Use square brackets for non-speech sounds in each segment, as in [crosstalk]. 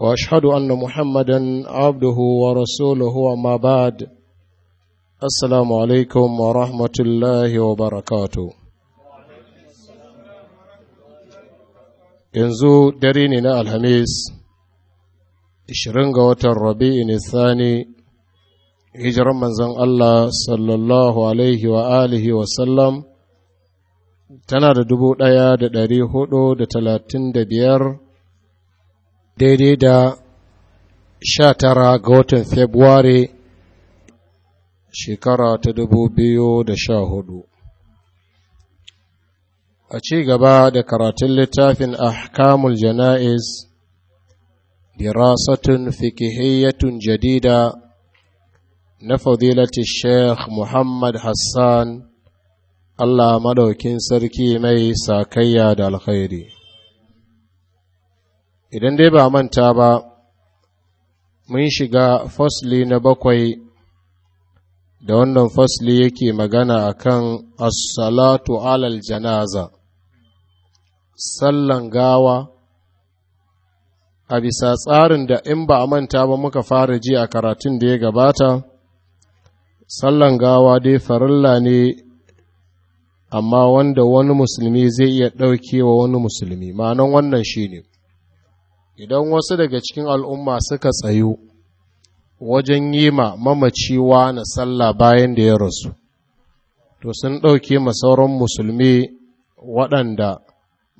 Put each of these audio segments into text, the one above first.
واشهد ان محمدا عبده ورسوله وما بعد السلام عليكم ورحمه الله وبركاته yanzu dare ne na alhamis 20 ga watan rabi'in Sani. hijiran manzon Allah sallallahu alaihi wa alihi wa sallam tana da dubu ɗaya da ɗari hudu da talatin da biyar daidai da sha tara ga watan Februari shekara ta dubu biyu da sha hudu. A ci gaba da karatun littafin Ahkamul Jana'iz, dirasatun fikihiyyatun jadida na fadilati Sheikh Muhammad Hassan, Allah madaukin sarki mai sakayya da alkhairi. idan dai ba manta ba mun shiga fasli na bakwai da wannan fasli yake magana akan as-salatu alal janaza sallan gawa a bisa tsarin da in ba a manta ba muka fara ji a karatun da ya gabata sallan gawa dai farilla ne amma wanda wani musulmi zai iya ɗauke wa wani musulmi ma'anan wannan shi ne. idan wasu daga cikin al'umma suka tsayo wajen yi ma mamaciwa na sallah bayan da ya rasu to sun ɗauke ma sauran musulmi waɗanda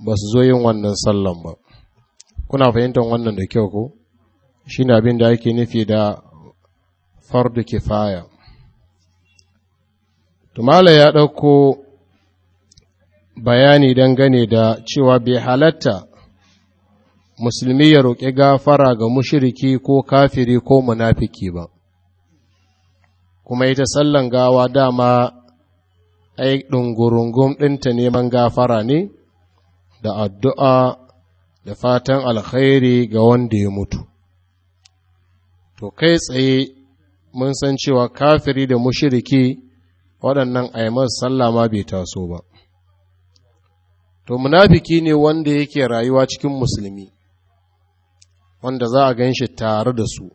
ba su zo yin wannan sallan ba kuna fahimtar wannan da kyau ko shi ne abin da ake nufi da fardu kifaya tumala ya ɗauko bayani dangane da cewa bai halatta musulmi ya roƙe gafara ga mushiriki ko kafiri ko munafiki ba kuma ita sallan gawa dama ai ɗungurungun ɗinta neman gafara ne da addu'a da fatan alkhairi ga wanda ya mutu to kai tsaye mun san cewa kafiri da mushiriki waɗannan aimar sallah ma bai taso ba to munafiki ne wanda yake rayuwa cikin musulmi wanda za a gan shi tare da su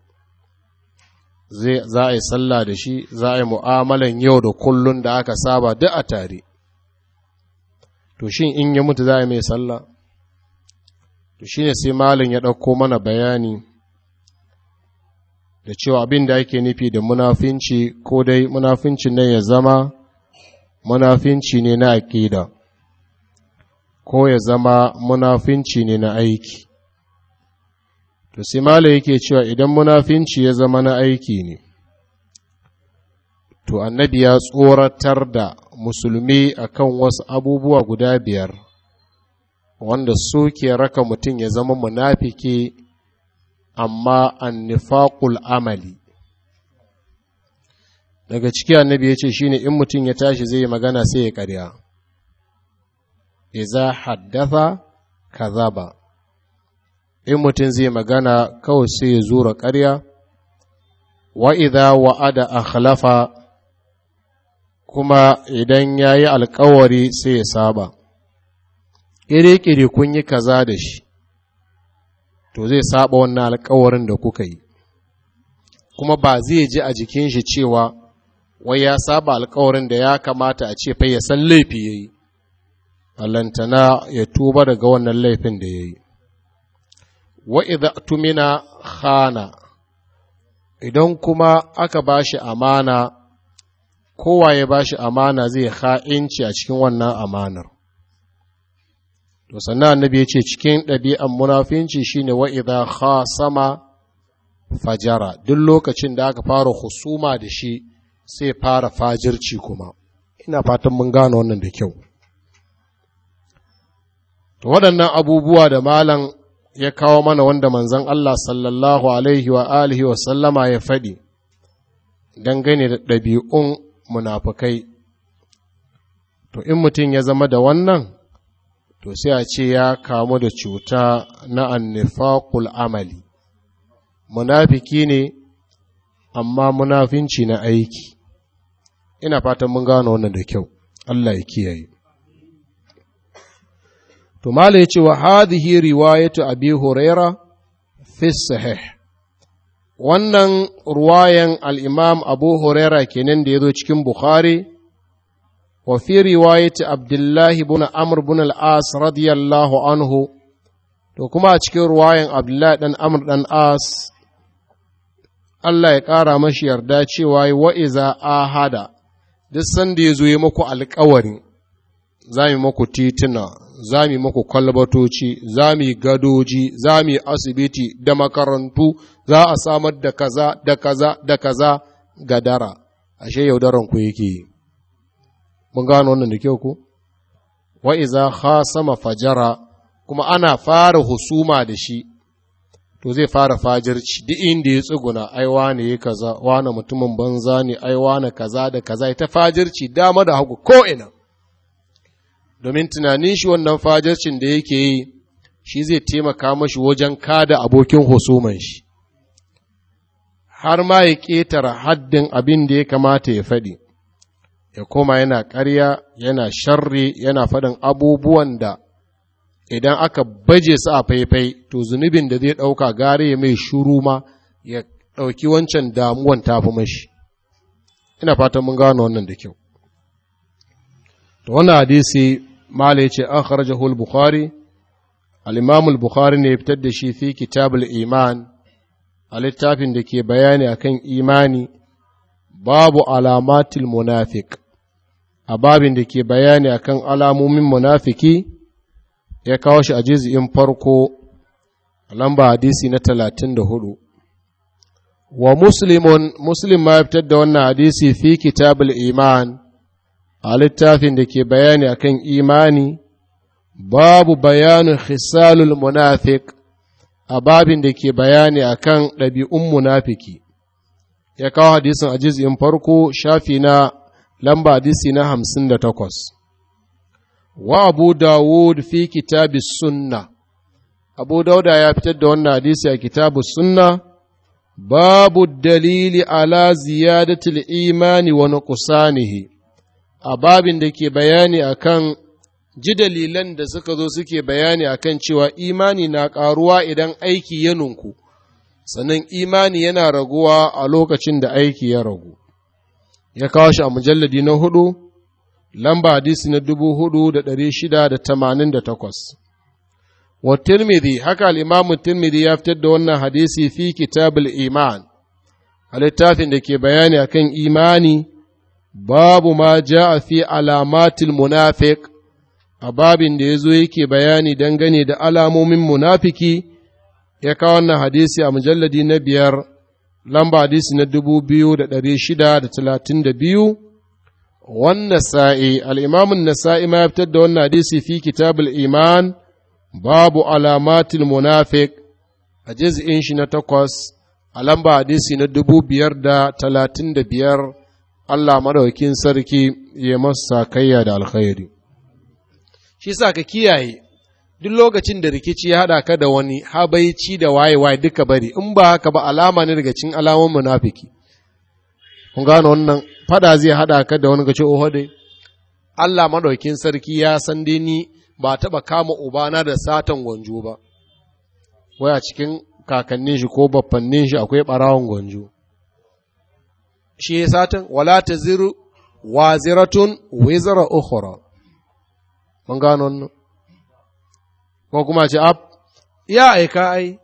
za a yi sallah da shi za a yi mu'amalan yau da kullun da aka saba duk a tare to shi in yi mutu za a yi mai sallah to shi ne sai malin ya ɗauko mana bayani da cewa abin da ake nufi da munafinci ko dai munafincin nan ya zama munafinci ne na aƙida ko ya zama munafinci ne na aiki to sai malai yake cewa idan munafinci ya zama na aiki ne to annabi ya tsoratar da musulmi akan wasu abubuwa guda biyar wanda suke raka mutum ya zama munafiki amma annifaqul amali daga ciki annabi ya ce shine in mutum ya tashi zai yi magana sai ya karya iza haddatha kazaba in mutum zai magana kawai sai ya zura ƙarya wa idha wa'ada akhlafa kuma idan ya yi alkawari sai ya saba ƙiri kun yi kaza da shi to zai saba wannan alkawarin da kuka yi kuma ba zai ji a jikin shi cewa wai ya saba alkawarin da ya kamata a ce fai ya san laifi ya yi allantana ya tuba daga wannan laifin da ya yi wa idha tumina khana idan kuma aka bashi amana kowa ya bashi amana zai ha'inci a cikin wannan amanar to sannan annabi ya ce cikin ɗabi'an munafinci shine wa idha khasama fajara duk lokacin da aka fara husuma da shi sai fara fajirci kuma ina fatan mun gano wannan da kyau to waɗannan abubuwa da malam ya kawo mana wanda manzon Allah sallallahu alaihi wa alihi wa sallama ya faɗi dangane da ɗabi'un munafukai to in mutum ya zama da wannan to sai a ce ya kamu da cuta na annifakul amali munafiki ne amma munafinci na aiki ina fatan mun gano wannan da kyau Allah ya kiyaye to mala yace wa hadhihi riwayatu abi huraira fi sahih wannan ruwayan al-imam abu huraira kenan da yazo cikin bukhari wa fi riwayati abdullahi ibn amr ibn al-as radiyallahu anhu to kuma a cikin ruwayan abdullahi dan amr dan as Allah ya ƙara mashi yarda cewa wa iza ahada duk sanda ya zo ya muku alƙawari za mu muku tituna za mu maku kwalbatoci za mu yi gadoji za mu yi asibiti da makarantu za a samar da kaza da kaza da kaza gadara ashe yaudaran ku yake mun gano wannan da kyau ku wa iza sama fajara kuma ana fara husuma da shi to zai fara fajirci duk inda ya tsuguna ai wane ya kaza wane mutumin banza ne ai wane kaza da kaza ta fajirci dama da hagu ko domin tunanin shi wannan fajarcin da yake yi shi zai taimaka mashi wajen kada abokin husuman shi har ma ya ƙetara haddin abin da ya kamata ya faɗi ya koma yana ƙarya yana sharri yana faɗin abubuwan da idan aka baje su a faifai to zunubin da zai ɗauka gare ya mai shuru ma ya ɗauki wancan damuwan tafi mashi ina fatan mun gano wannan da kyau to wannan hadisi mala yace akhrajahu al-bukhari al-imam al-bukhari ne fitar da shi fi kitabul iman a littafin da ke bayani akan imani babu alamatil munafiq a babin da ke bayani akan alamomin munafiki ya kawo shi a in farko lamba hadisi na talatin da hudu wa muslimun muslim ma fitar da wannan hadisi fi kitabul iman a littafin da ke bayani akan imani babu bayanin hisalul munafik a babin da ke bayani akan ɗabi'un munafiki ya kawo hadisin a jizgin farko shafi na lamba hadisi na hamsin da takwas wa abu dawud fi kitabi sunna abu dauda ya fitar da wannan hadisi a kitabu sunna babu dalili ala ziyadatul imani wa nuqsanihi a babin da ke bayani akan ji dalilan da suka zo suke bayani akan cewa imani na ƙaruwa idan aiki ya nunku sannan imani yana raguwa a lokacin da aiki ya ragu ya kawo shi a mujalladi na hudu lamba hadisi na dubu hudu da ɗari shida da tamanin da takwas wa tirmidhi haka al'imamu tirmidhi ya fitar da wannan hadisi fi kitabul iman a littafin da ke bayani akan imani babu ma ja'a fi alamatil munafiq a babin da ya zo yake bayani dangane da alamomin munafiki ya kawo wannan hadisi a mujalladi na biyar lamba hadisi na dubu biyu da ɗari shida da talatin da biyu wannan sa'i al'imamun nasa'i ma ya fitar da wannan hadisi fi kitabul iman babu alamatil munafik a jiz'in shi na takwas a lamba hadisi na dubu biyar da talatin da biyar Allah madaukin sarki ya masa kayya da alkhairi shi sa ka kiyaye duk lokacin da rikici ya haɗa ka da wani habaici da waye-waye duka bari in ba haka ba alama ne daga cikin alamun munafiki kun gano wannan fada zai haɗa ka da wani kace oho dai Allah madaukin sarki ya san dai ni ba taɓa kama ubana da satan gwanjo ba waya cikin kakannin shi ko baffannin shi akwai ɓarawon gwanjo shi ya satin wala ta ziru wai wizara ukhra mun gano wannan ko kuma ce ab ya aika ai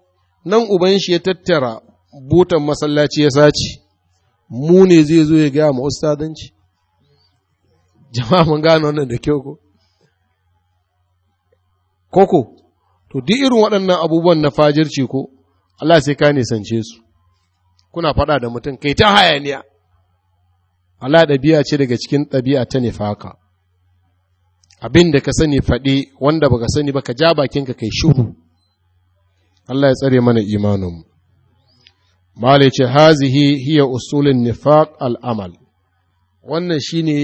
nan uban shi ya tattara butan masallaci ya sace mu ne zai zo ya gaya ma ustadanci jama'a mun gano wannan da kyau ko koko to duk irin waɗannan abubuwan na fajirci ko Allah sai ka nisance su kuna faɗa da mutum kai ta hayaniya Ala ɗabi'a ce daga cikin ɗabi'a ta nifaka abin da ka sani faɗi wanda baka sani ba ka ja bakinka kai shuhu Allah ya tsare mana imaninmu Malai ce hazihi hiya usulin nifaq al'amal wannan shine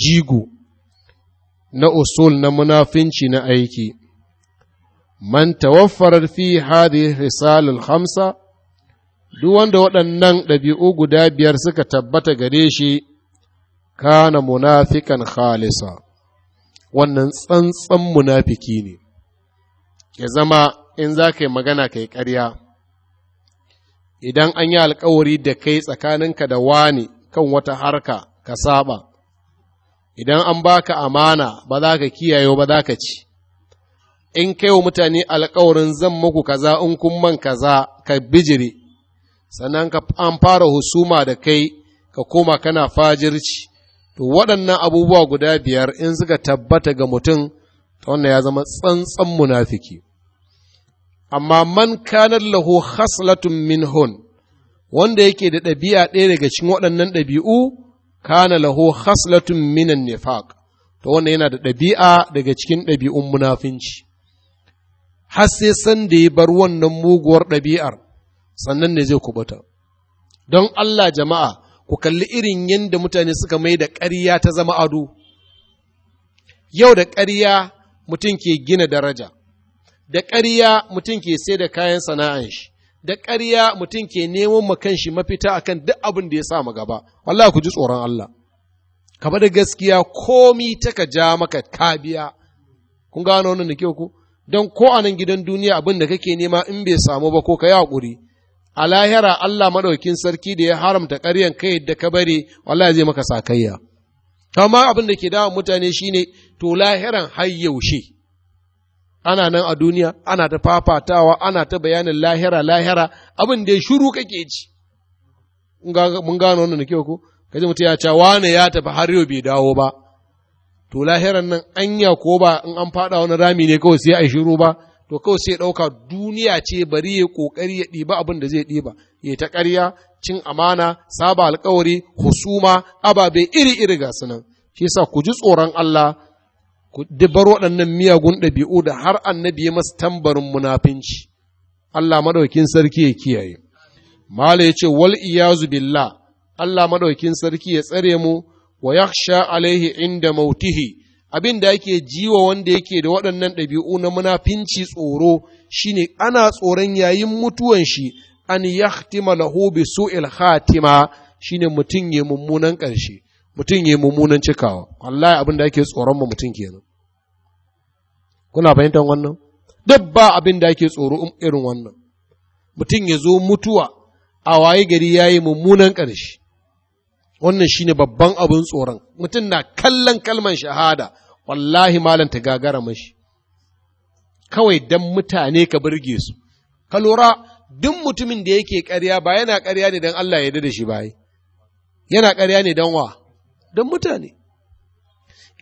jigo na usul na munafinci na aiki man tawaffarar fi hadhihi risalul khamsa duk wanda waɗannan ɗabi'u guda biyar suka tabbata gare shi kana munafikan khalisa wannan tsantsan munafiki ne ya zama in za ka yi magana ka yi ƙarya idan an yi alkawari da kai tsakaninka da wani kan wata harka ka saba idan an baka amana ba za ka kiyaye ba za ka ci in kai wa mutane alkawarin zan muku kaza in kun man kaza ka bijiri sannan ka an fara husuma da kai ka koma kana fajirci to waɗannan abubuwa guda biyar in suka tabbata ga mutum ta wannan ya zama tsantsan munafiki amma man kanar lahu haslatun min hun wanda yake da ɗabi'a ɗaya daga cikin waɗannan ɗabi'u kana laho haslatun minan nifaq to wanda yana da ɗabi'a daga cikin ɗabi'un munafinci har sai san da ya bar wannan muguwar ɗabi'ar sannan ne zai kubuta don Allah jama'a ku kalli irin yadda mutane suka mai da ƙarya ta zama ado yau da ƙarya mutum ke gina daraja da ƙarya mutum ke sai da kayan sana'an shi da ƙarya mutum ke neman makan shi mafita akan duk abin da ya sa gaba wallahi ku ji tsoron Allah ka da gaskiya komi taka ja maka kabiya kun gano wannan da kyau ku don ko a nan gidan duniya abin da kake nema in bai samu ba ko ka yi haƙuri a lahira Allah maɗaukin sarki da ya haramta ƙaryan kai da ka bari wallahi zai maka sakayya Kama abin da ke dawa mutane shi ne, to lahiran har yaushe ana nan a duniya ana ta fafatawa ana ta bayanin lahira lahira abin da ya shiru kake ci mun gano wannan na kyau ko kaji mutum ya ce wane ya tafi har yau bai dawo ba to lahiran nan anya ko ba in an faɗa wani rami ne kawai sai a shiru ba to kawai sai ɗauka duniya ce bari ya ƙoƙari ya ɗiba abin da zai ɗiba ya ta ƙarya cin amana saba alƙawari husuma ababe iri iri ga sunan shi yasa ku ji tsoron Allah ku dubar waɗannan miyagun ɗabi'u da har annabi ya masu tambarin munafinci Allah madaukin sarki ya kiyaye mala ya ce wal iyazu billah Allah madaukin sarki ya tsare mu wa yakhsha alaihi inda mautihi abin da yake jiwa wanda yake da waɗannan ɗabi'u na munafinci tsoro shine ana tsoron yayin mutuwan shi an yahtima lahu bi su'il shi shine mutum ya mummunan ƙarshe mutum ya mummunan cikawa wallahi abin da ake tsoron ma mutum kenan kuna fahimtar wannan duk ba abin da ake tsoro um, irin wannan mutum ya zo mutuwa a waye gari ya yi mummunan ƙarshe wannan shine babban abin tsoron mutum na kallon kalman shahada wallahi malam ta gagara mashi kawai dan mutane ka burge su ka lura duk mutumin da yake ƙarya ba yana ƙarya ne don Allah ya da shi ba yana ƙarya ne don wa don mutane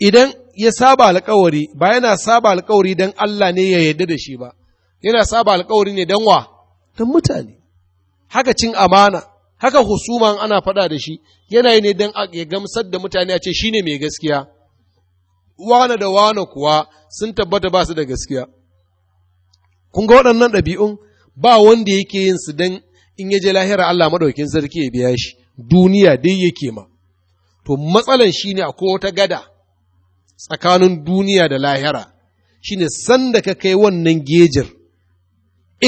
idan ya saba alkawari ba yana saba alkawari don Allah ne ya yarda da shi ba yana saba alkawari ne don wa don mutane haka cin amana haka husuma ana faɗa da shi yana yi ne don ya gamsar da mutane a ce shine mai gaskiya wane da wane kuwa sun tabbata ba su da gaskiya. Kun ga waɗannan ɗabi'un ba wanda yake yin su don in ya je lahira Allah maɗaukin sarki ya biya shi, duniya dai yake ma. To matsalan shi ne akwai wata gada tsakanin duniya da lahira, shi ne san da ka kai wannan gejir,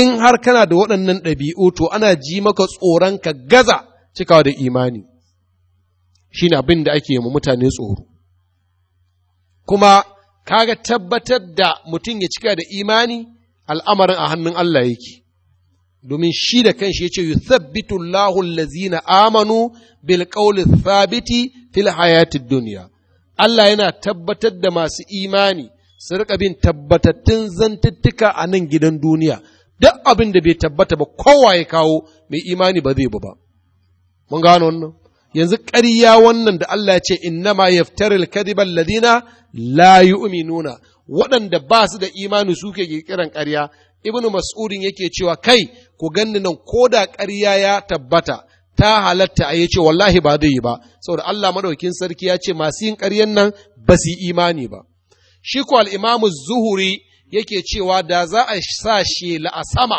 in har kana da waɗannan ɗabi'u to ana ji maka tsoron ka gaza cikawa da imani. Shi ne abin da ake yi mutane tsoro. kuma kaga tabbatar da mutum ya cika da imani al'amarin a hannun Allah yake domin shi da kanshi yace yuthabbitu Allahu allazina amanu bil sabiti thabiti fil hayatid duniya. Allah yana tabbatar da masu imani su rika bin tabbatattun zantuttuka a nan gidan duniya duk abin da bai tabbata ba kowa ya kawo mai imani ba zai ba mun gano wannan yanzu ƙarya wannan da Allah ya ce innama yaftaril kadiban ladina la yu'minuna waɗanda ba su da imani suke kiran ƙarya ibnu mas'udin yake cewa kai ku ganni nan ko da ƙarya ya tabbata ta halatta a ce wallahi ba zai yi ba saboda Allah maɗaukin sarki ya ce masu yin ƙaryan nan ba su imani ba shi ko al-imamu zuhuri yake cewa da za a sa shi a sama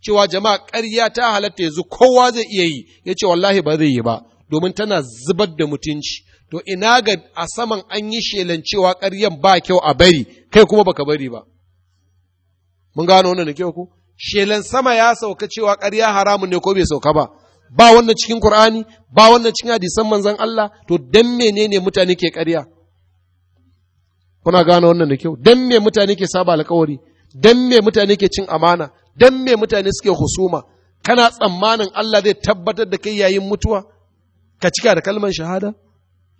cewa jama'a ƙarya ta halatta yanzu kowa zai iya yi ya ce wallahi ba zai yi ba domin tana zubar da mutunci to ina ga a saman an yi shelan cewa ƙaryan ba kyau a bari kai kuma baka bari ba mun gano wannan da kyau ko shelan sama ya sauka cewa ƙarya haramun ne ko bai sauka ba ba wannan cikin ƙur'ani, ba wannan cikin hadisan manzon Allah to dan menene mutane ke ƙarya kuna gano wannan da kyau dan me mutane ke saba alƙawari dan me mutane ke cin amana dan me mutane suke husuma kana tsammanin Allah zai tabbatar da kai yayin mutuwa ka cika da kalmar shahada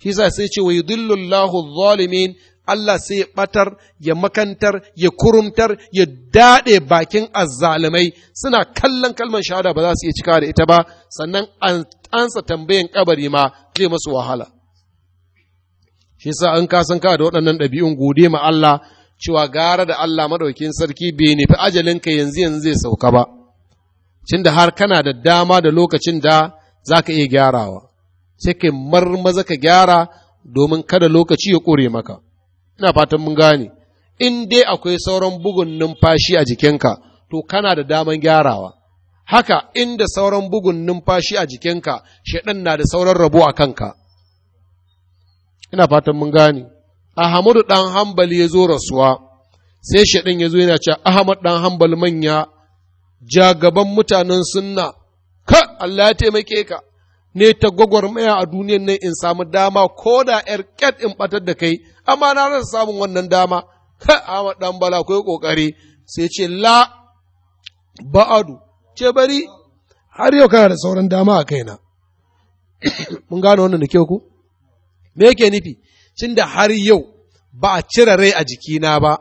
shi sa sai ce wa yudillu Allahu zalimin Allah sai ya batar ya makantar ya kurumtar ya daɗe bakin azzalumai suna kallon kalmar shahada ba za su iya cika da ita ba sannan an ansa tambayan kabari ma kai masu wahala shi sa an kasan ka da waɗannan ɗabi'un gode ma Allah cewa gara da Allah maɗaukin sarki bai nufi ajalinka yanzu yanzu zai sauka ba, tunda har kana da dama da lokacin da zaka iya gyarawa. sai kai maza ka gyara domin kada lokaci ya kore maka ina fatan mun gane in dai akwai sauran bugun numfashi a jikinka to kana da daman gyarawa haka inda sauran bugun numfashi a jikinka shaɗan na da sauran rabo a kanka ina fatan mun gane ahamudu ɗan hambali ya zo rasuwa sai shaɗan ya zo yana cewa ahmad ɗan hambali manya ja gaban mutanen sunna ka Allah ya taimake ka ne ta gwagwarmaya a duniyan nan in samu dama ko da ‘yar ƙyat in ɓatar da kai, amma na rasa samun wannan dama, ha, Ahmad ɗan bala ko ƙoƙari, sai ce la ba'adu, ce bari har yau kana da sauran dama a kaina. [coughs] Mun gane wannan da kyau ku? Me yake nufi? Cin da har yau ba a cire rai a jikina ba,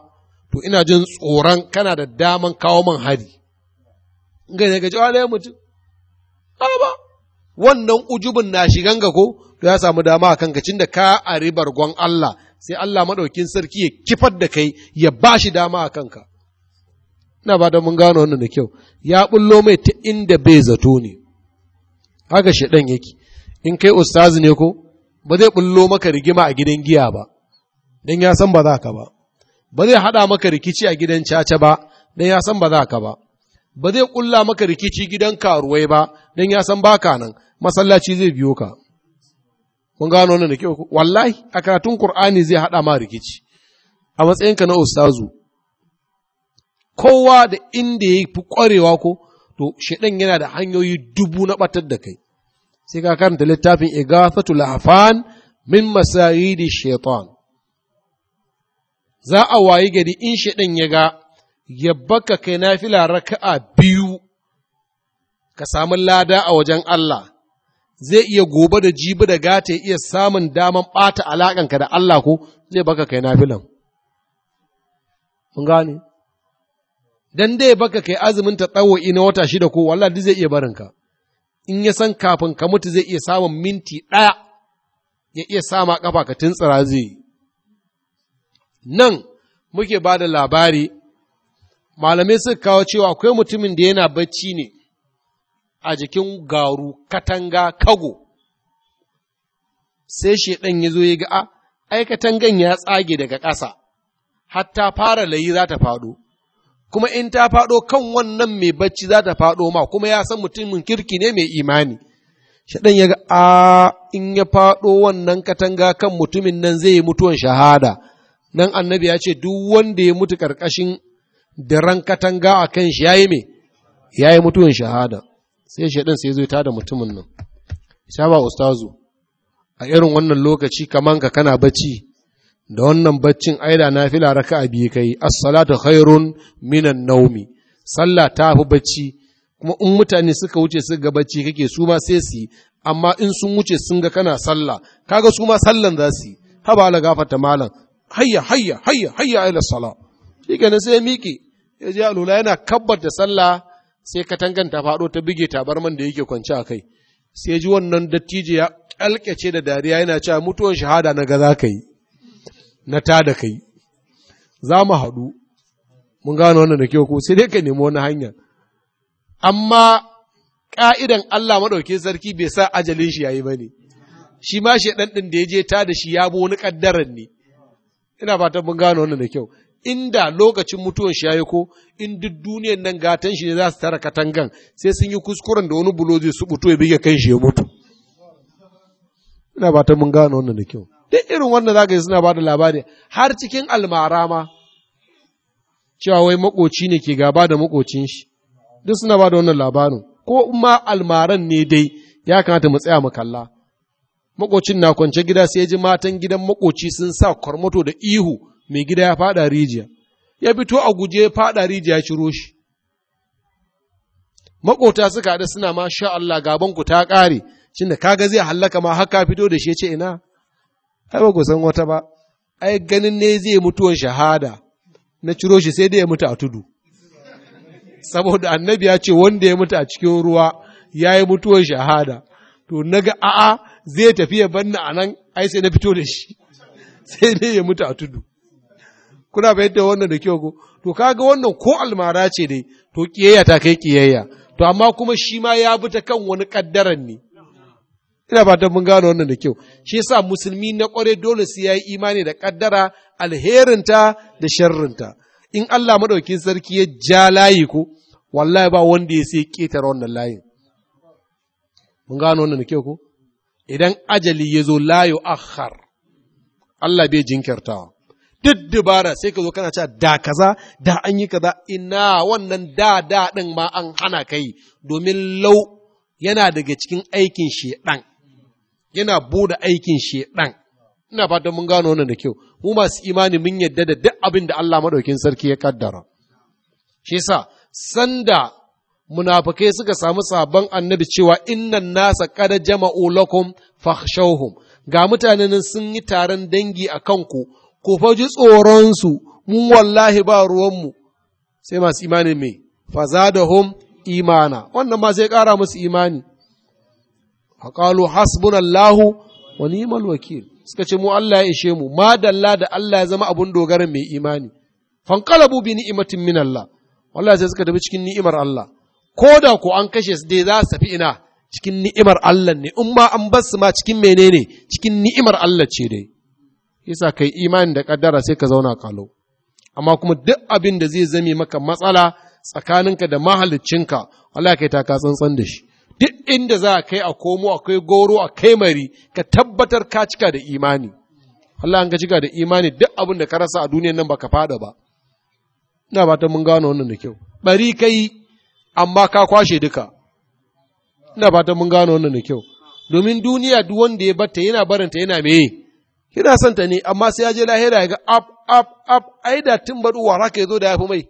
to ina jin tsoron kana da daman kawo man hari. Ga ne ga mutum? Ba ba, wannan ujubin na shigan ga ko to ya samu dama a kanka da ka a ribar gwan Allah sai Allah maɗaukin sarki ya kifar da kai ya ba shi dama a kanka ina ba da mun gano wannan da kyau ya bullo mai ta inda bai zato ne haka shaɗan yake in kai ustazi ne ko ba zai bullo maka rigima a gidan giya ba don ya san ba za ka ba ba zai haɗa maka rikici a gidan caca ba don ya san ba za ka ba ba zai ƙulla maka rikici gidan karuwai ba don ya san ba ka nan masallaci zai biyo ka kun gano wannan da ke wallahi a karatun qur'ani zai haɗa ma rikici a matsayin ka na ustazu kowa da inda ya fi kwarewa ko to shedan yana da hanyoyi dubu na batar da kai sai ka karanta littafin igathatu lahfan min masayidi shaitan za a wayi gari in shedan ya ga ya baka kai nafila raka'a biyu ka samu lada a wajen Allah zai iya gobe da jibi da gata ya iya samun daman bata alaƙanka da Allah ko zai baka kai nafilan. Mun gane? Dan dai baka kai azumin ta tsawo'i na wata shida ko wallah duk zai iya barinka. In ya san kafin ka mutu zai iya samun minti ɗaya ya iya sama ƙafa ka tuntsira zai Nan muke ba da labari, malamai suka kawo cewa akwai mutumin da yana bacci ne, a jikin garu katanga kago sai shaidan ya zo ya ga ah, ai katangan ya tsage daga ƙasa hatta fara layi za ta faɗo kuma in ta faɗo kan wannan mai bacci za ta faɗo ma kuma ya san mutumin kirki ne mai imani shaɗan ya ga a ah, in ya faɗo wannan katanga kan mutumin nan zai yi mutuwan shahada nan annabi ya ce duk wanda ya mutu ƙarƙashin daren katanga a kan shi ya yi ya yi mutuwan shahada sai shaidan sai zo ta da mutumin nan sha ba ustazu a irin wannan lokaci kaman ka kana bacci da wannan baccin aida na fila raka a biyu kai as-salatu khairun minan naumi sallah ta fi bacci kuma in mutane suka wuce su ga bacci kake su ma sai su amma in sun wuce sun ga kana sallah kaga su ma sallan za su yi ba ala gafarta malam hayya hayya hayya hayya ila sala shikenan sai ya miƙe ya ji alula yana kabbar da sallah sai katangan ta faɗo ta bige tabarman da yake kwance a kai sai ji wannan dattijo ya ƙalƙace da dariya yana cewa mutuwan shahada na ga za ka yi na ta da kai za mu haɗu mun gano wannan da kyau ko sai dai ka nemi wani hanya amma ƙa'idan Allah maɗauki sarki bai sa ajalin shi yayi bane shi ma shi ɗan ɗin da ya je ta da shi ya bo wani ƙaddaran ne ina fatan mun gano wannan da kyau inda lokacin mutuwan shi yi ko in duk duniyan nan gatan shi ne za su tara katangan sai sun yi kuskuren da wani bulo zai subuto ya bige kan shi ya mutu ina ba ta mun gano wannan da kyau duk irin wannan zaka yi suna ba da labari har cikin almara ma cewa wai makoci ne ke gaba da makocin shi duk suna ba da wannan labarin ko ma almaran ne dai ya kamata mu tsaya mu kalla makocin na kwance gida sai ji matan gidan makoci sun sa kwarmato da ihu mai gida ya faɗa rijiya ya fito a guje fada faɗa rijiya ya ciro shi makota suka haɗu suna ma sha Allah ku ta ƙare shin da kaga zai hallaka ma haka fito da shi ce ina ai ba ku san wata ba ai ganin ne zai mutuwan shahada na ciro shi sai dai ya mutu a tudu saboda annabi ya ce wanda ya mutu a cikin ruwa ya yi mutuwan shahada to naga a'a zai tafi ya banna a nan ai sai na fito da shi [laughs] sai dai ya mutu a tudu kuna bayar da wannan da kyau ko to kaga wannan ko almara ce dai to kiyayya ta kai kiyayya to amma kuma shi ma ya bi ta kan wani kaddaran ne ina fatan mun gano wannan da kyau shi yasa musulmi na kware dole sai yayi imani da kaddara alherinta da sharrinta in Allah madauki sarki ya ja layi ko wallahi ba wanda ya sai ketare wannan layin mun gano wannan da kyau ko idan ajali ya zo la akhar, Allah bai jinkirtawa duk dubara sai ka zo kana cewa da kaza da an yi kaza ina wannan da da din ma an hana kai domin lau yana daga cikin aikin shedan yana bude aikin shedan ina fatan mun gano wannan da kyau mu masu imani mun yadda da duk abin da Allah madaukin sarki ya kaddara shi yasa sanda munafikai suka samu sabon annabi cewa innan nasa kada jama'u lakum fakhshawhum ga mutanen sun yi taron dangi a kanku ku tsoron su mun wallahi ba ruwan mu sai masu imanin mai hom imana wannan ma sai ƙara musu imani haƙalu hasbunallahu wa ni'mal wakil suka ce mu Allah ya ishe mu ma da Allah ya zama abun dogaran mai imani fanqalabu bi ni'matin min Allah wallahi sai suka tafi cikin ni'imar Allah ko da ko an kashe su dai za su tafi ina cikin ni'imar Allah ne in ma an bar su ma cikin menene cikin ni'imar Allah ce dai yasa kai imani da kaddara sai ka zauna kalo amma kuma duk abin da zai zame maka matsala tsakaninka da mahaliccinka Allah kai ta tsantsan da shi duk inda za a kai a komo akwai goro a kai mari ka tabbatar ka cika da imani Allah ka cika da imani duk abin da ka rasa a duniyan nan baka fada ba ina ba ta mun gano wannan da kyau bari kai amma ka kwashe duka ina ba ta mun gano wannan da kyau domin duniya duk wanda ya bata yana barinta yana meye Kina son ta ne, amma sai ya je lahira ya ga ap, ap, ap, ai da tun baɗu wara ka zo da ya fi mai.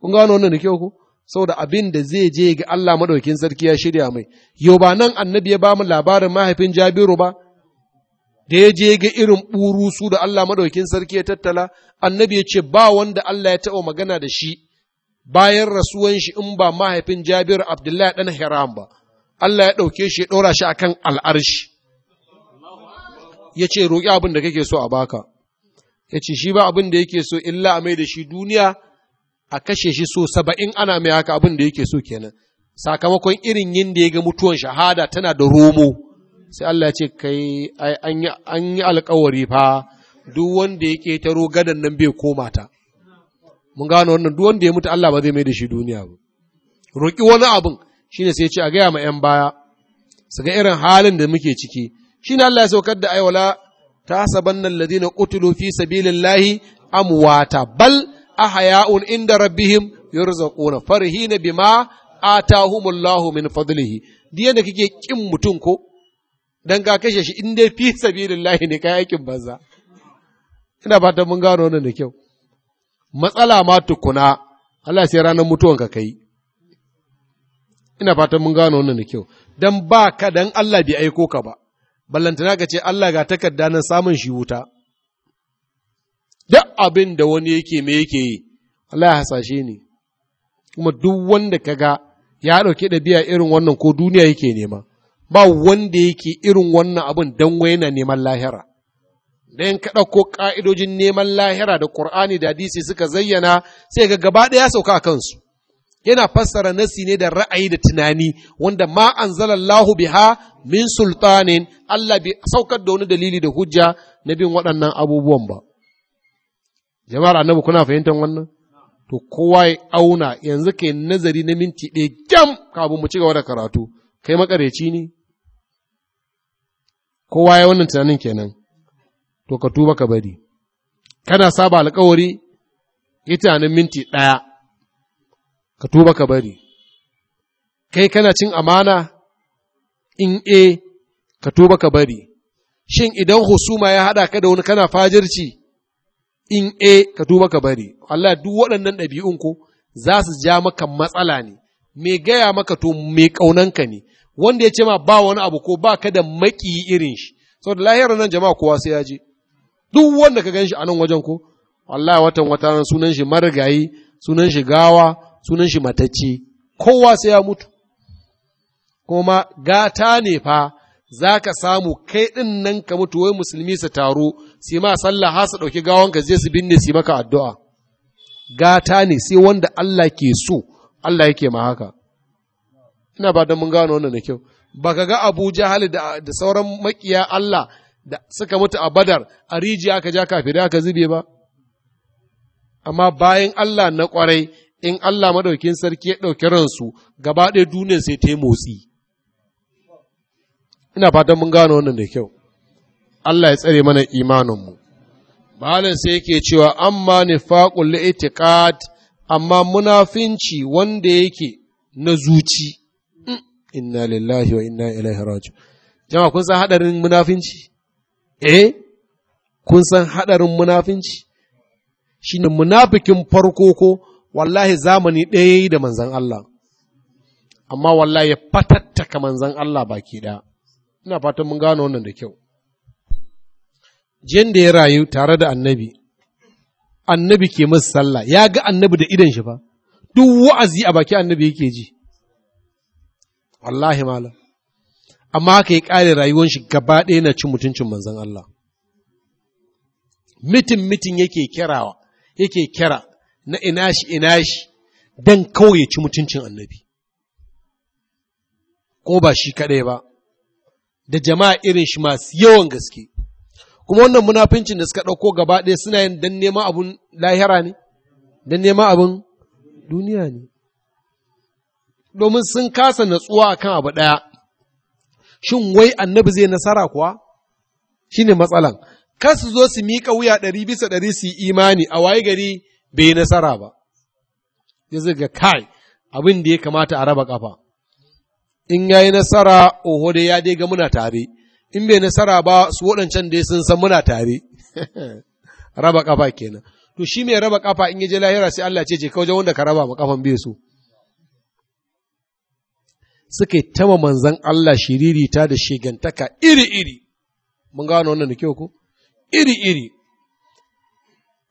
Kun gano wannan da kyau ku? Saboda abin da zai je ga Allah madaukin sarki ya shirya mai. Yau ba nan annabi ya ba mu labarin mahaifin Jabiru ba, da ya je ga irin burusu da Allah madaukin sarki ya tattala, annabi ya ce ba wanda Allah ya taɓa magana da shi bayan rasuwan shi in ba mahaifin Jabiru Abdullahi dan Hiram ba. Allah ya ɗauke shi ya ɗora shi akan al'arshi. ya ce roƙi abin da kake so a baka ya ce shi ba abin da yake so illa a mai da shi duniya a kashe shi so saba'in ana mai haka abin da yake so kenan sakamakon irin yin da ya ga mutuwan shahada tana da romo sai Allah ce kai an yi alkawari fa duk wanda ya ƙetaro gadan nan bai koma ta mun gano wannan duk wanda ya mutu Allah ba zai mai da shi duniya ba roƙi wani abin shine sai ce a gaya ma 'yan baya su ga irin halin da muke ciki shine Allah ya saukar da aiwala ta sabanna alladhina qutilu fi sabilillahi amwata bal ahya'un inda rabbihim yurzaquna farihina bima atahumullahu min fadlihi diyan da kike kin mutun ko dan ka kashe shi inda fi fi sabilillahi ne kai aikin banza ina ta mun gano nan da kyau matsala ma tukuna Allah sai ranar mutuwan ka kai ina fatan mun gano wannan da kyau dan ba ka dan Allah bai aiko ka ba ballantana ka ce Allah ga takarda nan samun shi wuta duk abin da wani yake me yake yi Allah ya hasashe ne kuma duk wanda ka ga ya ɗauki ɗabi'a irin wannan ko duniya yake nema ba wanda yake irin wannan abin dan yana neman lahira dan ka ɗauko ƙa'idojin neman lahira da Qur'ani da hadisi suka zayyana sai ga gaba ɗaya sauka a kansu yana fassara nasi ne da ra'ayi da tunani wanda ma anzalallahu biha min sultanin Allah bi saukar da wani dalili da hujja na bin waɗannan abubuwan ba jama'ar annabi kuna fahimtar wannan to kowa ya auna yanzu kai nazari na minti ɗaya jam kafin mu ci gaba da karatu kai makareci ne kowa ya wannan tunanin kenan to ka tuba ka bari kana saba alkawari ita na minti ɗaya ka tuba ka bari kai kana cin amana in e ka tuba ka bari shin idan husuma ya haɗa ka da wani kana fajirci in e ka tuba ka bari Allah duk waɗannan ɗabi'un ko za su ja maka matsala ne me gaya maka to me ƙaunanka ne wanda ya ce ma ba wani abu ko ba ka da maki irin shi Sau da lahiyar nan jama'a kowa sai ya je duk wanda ka gan shi a nan wajen ko Allah watan wata sunan shi marigayi sunan shi gawa sunan shi matacce kowa sai ya mutu kuma gata ne fa za ka samu kai ɗin nan ka mutu wai musulmi su taro sai ma sallah har su ɗauki gawon ka je su binne su maka addu'a gata ne sai wanda Allah ke so Allah yake ma haka ina ba don mun gano wannan da kyau ba ka ga Abuja Jahal da, da sauran makiya Allah da suka mutu a Badar a rijiya ka ja da aka zube ba amma bayan Allah na kwarai in Allah madaukin sarki ya ɗauki ransu gaba ɗaya duniyar sai ta yi motsi ina fatan mun gano wannan da kyau Allah ya tsare mana mu. malam sai yake cewa amma nifaqul itiqad amma munafinci wanda yake na zuci hmm, inna lillahi wa inna ilaihi raji'un jama'a kun san hadarin munafinci eh kun san hadarin munafinci shine munafikin farko ko wallahi zamani ɗaya da manzan Allah amma wallahi ya fatattaka manzan Allah baki ɗaya ina fatan mun gano wannan da kyau jiyan da ya rayu tare da annabi annabi ke masu sallah ya ga annabi da idan shi fa duk wa'azi a baki annabi yake ji wallahi malam amma haka ya ƙare rayuwar shi gaba ɗaya na cin mutuncin manzan Allah mitin mitin yake kirawa yake kera. na ina shi ina shi don kawai ya ci mutuncin annabi ko ba shi kaɗai ba da jama'a irin shi masu yawan gaske kuma wannan munafincin da suka ɗauko gaba ɗaya suna yin don neman abun lahira ne don neman abun duniya ne domin sun kasa natsuwa akan abu ɗaya shin wai annabi zai nasara kuwa shine matsalan kar su zo su mika wuya ɗari bisa ɗari su imani a waye gari bai nasara ba ya ga kai abin da ya kamata a raba kafa in ya yi nasara oho dai ya dai ga muna tare in bai nasara ba su waɗancan dai sun san muna tare [laughs] raba kafa kenan to shi mai raba kafa in ya je lahira sai Allah ce ce kawai wanda ka raba ma kafan bai so suka yi tama manzan Allah shiririta da shigantaka iri-iri mun gano wannan da kyau ko iri-iri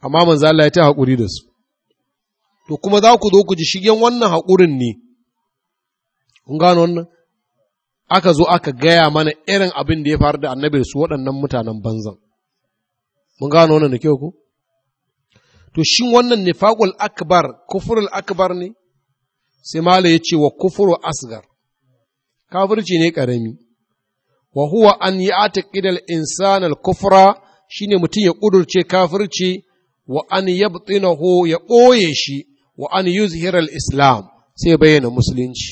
amma manzo Allah ya ta haƙuri da su to kuma za ku zo ku ji shigen wannan haƙurin ne kun gano wannan aka zo aka gaya mana irin abin da ya faru da annabi su waɗannan mutanen banzan mun gano wannan da kyau ku to shin wannan nifaqul akbar kufrul akbar ne sai mala ya ce wa kufuru asgar kafirci ne ƙarami wa huwa an yi insana al-kufra shine mutum ya ƙudurce kafirci wa an yabtinahu ya ɓoye shi wa an yuzhira islam sai bayyana musulunci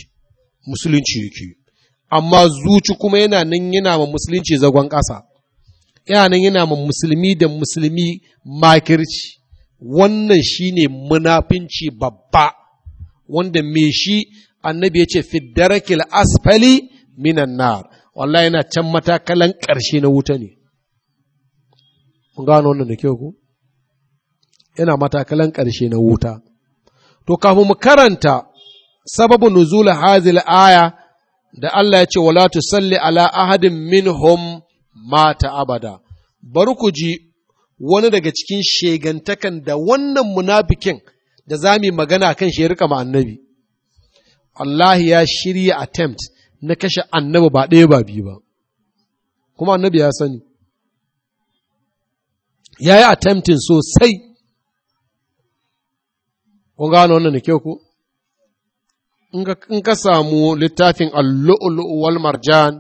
musulunci yake amma zuci kuma yana nan yana ma musulunci zagon ƙasa yana nan yana ma musulmi da musulmi makirci wannan shine munafinci babba wanda me shi annabi ya ce fiddarakil asfali minan nar wallahi yana can matakalan ƙarshe na wuta ne gano wannan da kyau ko yana matakalan ƙarshe na wuta. To, kafin mu karanta sababin nuzula hazil aya da Allah ya ce, wala tu salli ala ahadin min mata abada, bari ku ji wani daga cikin shegantakan da wannan munafikin da za mu yi magana kan shi ya rika ma annabi. Allah ya shirya attempt na kashe annabi ba ɗaya ba biyu ba, kuma annabi ya sani. Ya yi attempting sosai. Kun gano wannan da kyau ku? In ka samu littafin Allu'ulu'u wal Marjan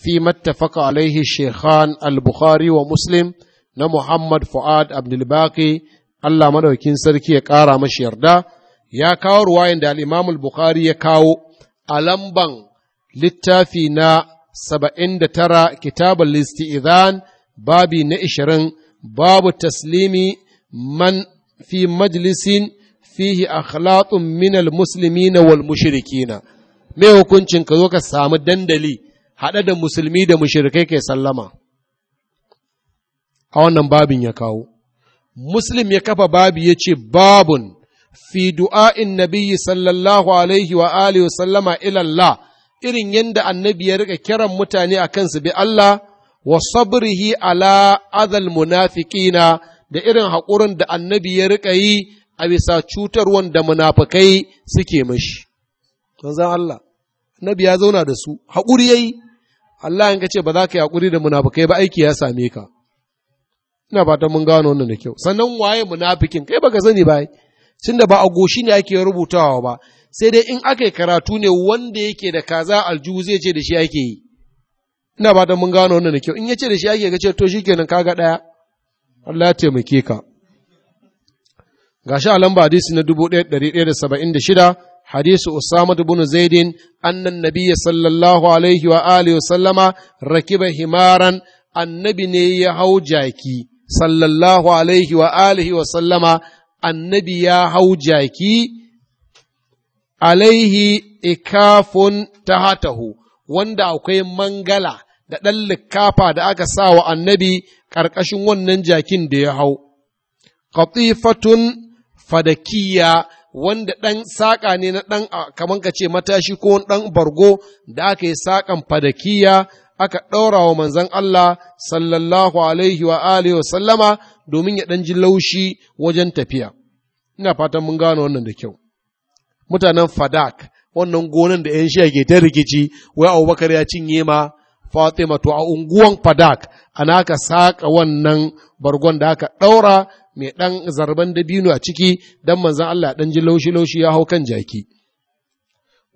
fi mattafaka alaihi Shekhan al-Bukhari wa Muslim na Muhammad Fu'ad Abdulbaki Allah madaukin sarki ya ƙara mashi yarda, ya kawo ruwayan da al'imam al-Bukhari ya kawo a lamban littafi na saba'in da tara listi idan babi na ishirin babu taslimi man fi majlisin fihi akhlatun minal muslimina wal mushrikina me hukuncin ka zo ka samu dandali haɗe da musulmi da mushrikai ke sallama a wannan babin ya kawo muslim ya kafa babi ya ce babun fi du'a'in nabiyyi sallallahu alaihi wa alihi wa sallama ilallah irin yadda annabi ya rika kiran mutane a kansu bi Allah wa sabrihi ala adal munafiqina da irin haƙurin da annabi ya rika yi a bisa cutar wanda munafukai suke mashi manzan Allah Nabi ya zauna da su haƙuri yayi Allah ya ce ba za ka yi haƙuri da munafukai ba aiki ya same ka ina fatan mun gano wannan da kyau sannan waye munafikin kai baka sani ba da ba a goshi ne ake rubutawa ba sai dai in aka yi karatu ne wanda yake da kaza aljuhu zai ce da shi ake yi ina fatan mun gano wannan da kyau in ya ce da shi ake ga ce to shikenan kaga daya Allah ya taimake ka ga a lamba hadisi na 1176 hadisi Usama bunu Zaidin annan nabiyyi sallallahu alaihi wa alihi wa sallama rakiba himaran annabi ne ya hau jaki sallallahu alaihi wa alihi wa sallama annabi ya hau jaki alaihi ikafun tahatahu wanda akwai mangala da ɗan likafa da aka sa wa annabi ƙarƙashin wannan jakin da ya hau. Qatifatun fadakiya wanda ɗan saƙa ne na ɗan kamar ka ce matashi ko ɗan bargo da aka yi saƙan fadakiya aka ɗaura wa manzan Allah sallallahu alaihi wa alihi wa sallama domin ya ɗan ji laushi wajen tafiya. Ina fatan mun gano wannan da kyau. Mutanen Fadak, wannan gonan da ‘yan shiya ke ta rikici, wai Abubakar ya cinye ma Fatima to a unguwan Fadak, ana ka saƙa wannan bargon da aka ɗaura mai ɗan zarban dabino a ciki dan manzan Allah ɗan ji laushi-laushi ya hau kan jaki.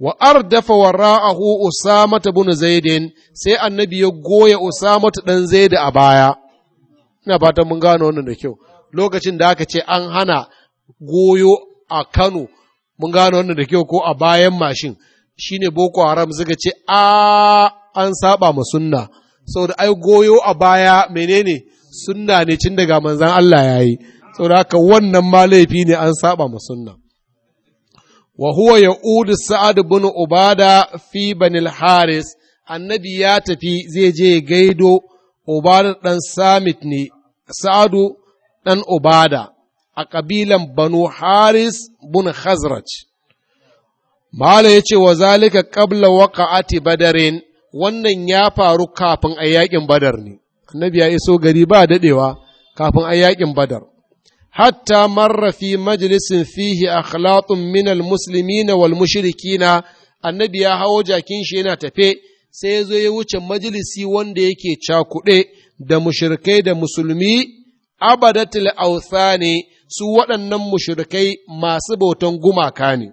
Wa 'ar dafa wa ra'ahu Usamata bin Zaidin sai annabi ya goya Usamata ɗan Zaid a baya. Ina fatan mun gano wannan da kyau. Lokacin da aka ce an hana goyo a Kano, mun gano wannan da kyau ko a bayan mashin, shine Boko Haram suka ce a an saba ma sunna. Saboda ai goyo a baya menene sunna ne cin daga manzan Allah ya yi da haka wannan ma laifi ne an saba ma sunna wa huwa ya'udu sa'ad bin ubada fi banil haris annabi ya tafi zai je gaido ubada dan samit ne sa'adu ɗan ubada a kabilan banu haris bin Hazrat. mala ce wa zalika waka ati badarin wannan ya faru kafin a yaƙin badar ne annabi ya iso gari ba daɗewa kafin a yaƙin badar hatta marra fi majalisin fihi akhlatun min almuslimina wal mushrikina annabi ya hawo jakin shi yana tafe sai ya zo ya wuce majalisi wanda yake cakuɗe da mushrikai da musulmi abadatul ne su waɗannan mushrikai masu bautan gumaka ne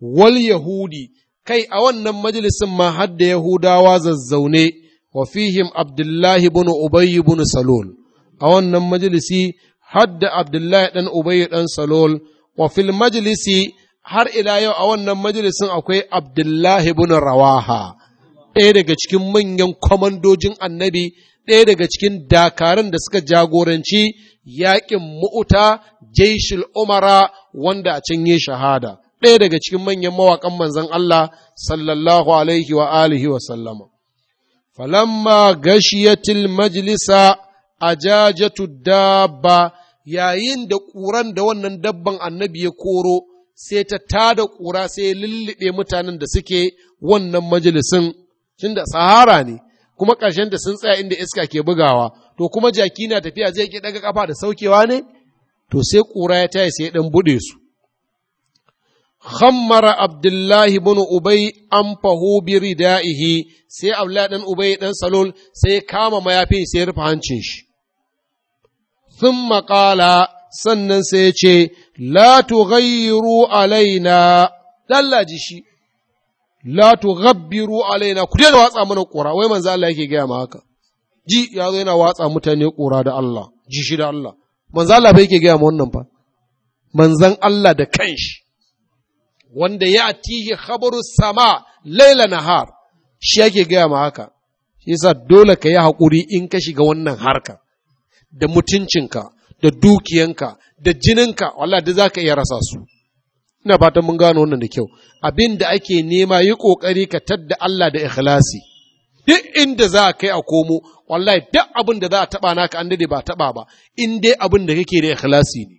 wal yahudi kai a wannan majalisin ma har da yahudawa zazzaune wa fihim abdullahi bin ubayy bin salul a wannan majalisi hadda abdullahi dan ubayy dan salul wa fil majalisi har ila yau a wannan majalisin akwai abdullahi ibn rawaha ɗaya daga cikin manyan kwamandojin annabi ɗaya daga cikin dakarun da suka jagoranci yaƙin mu'uta jaishil umara wanda a can yi shahada ɗaya daga cikin manyan mawaƙan manzon Allah sallallahu alaihi wa alihi wa sallama falamma gashiyatil majlisa ajajatu dabba yayin da ƙuran da wannan dabban annabi ya koro sai ta tada ƙura sai ya mutanen da suke wannan majalisin tun sahara ne kuma ƙarshen da sun tsaya inda iska ke bugawa to kuma jaki na tafiya zai ke ɗaga ƙafa da saukewa ne to sai ƙura ya taya sai ɗan buɗe su khammara abdullahi bin ubay an fahu bi sai abdullahi dan ubay dan salul sai kama mayafi sai rufe hancin shi Sun maƙala, sannan sai ce la tughayyiru alaina ku ya zo yana watsa mutane kura manzan Allah da kanshi wanda ya tihi khabaru sama laila nahar shi yake gaya ma haka shi yasa dole ka yi haƙuri in ka shiga wannan harka da mutuncinka da dukiyanka da jininka wallahi da zaka iya rasa su ina fatan mun gano wannan da kyau abin da ake nema yi kokari ka tadda Allah da ikhlasi duk inda za a kai a komo wallahi duk abin da za a taba naka an dade ba taba ba in dai abin da kake da ikhlasi ne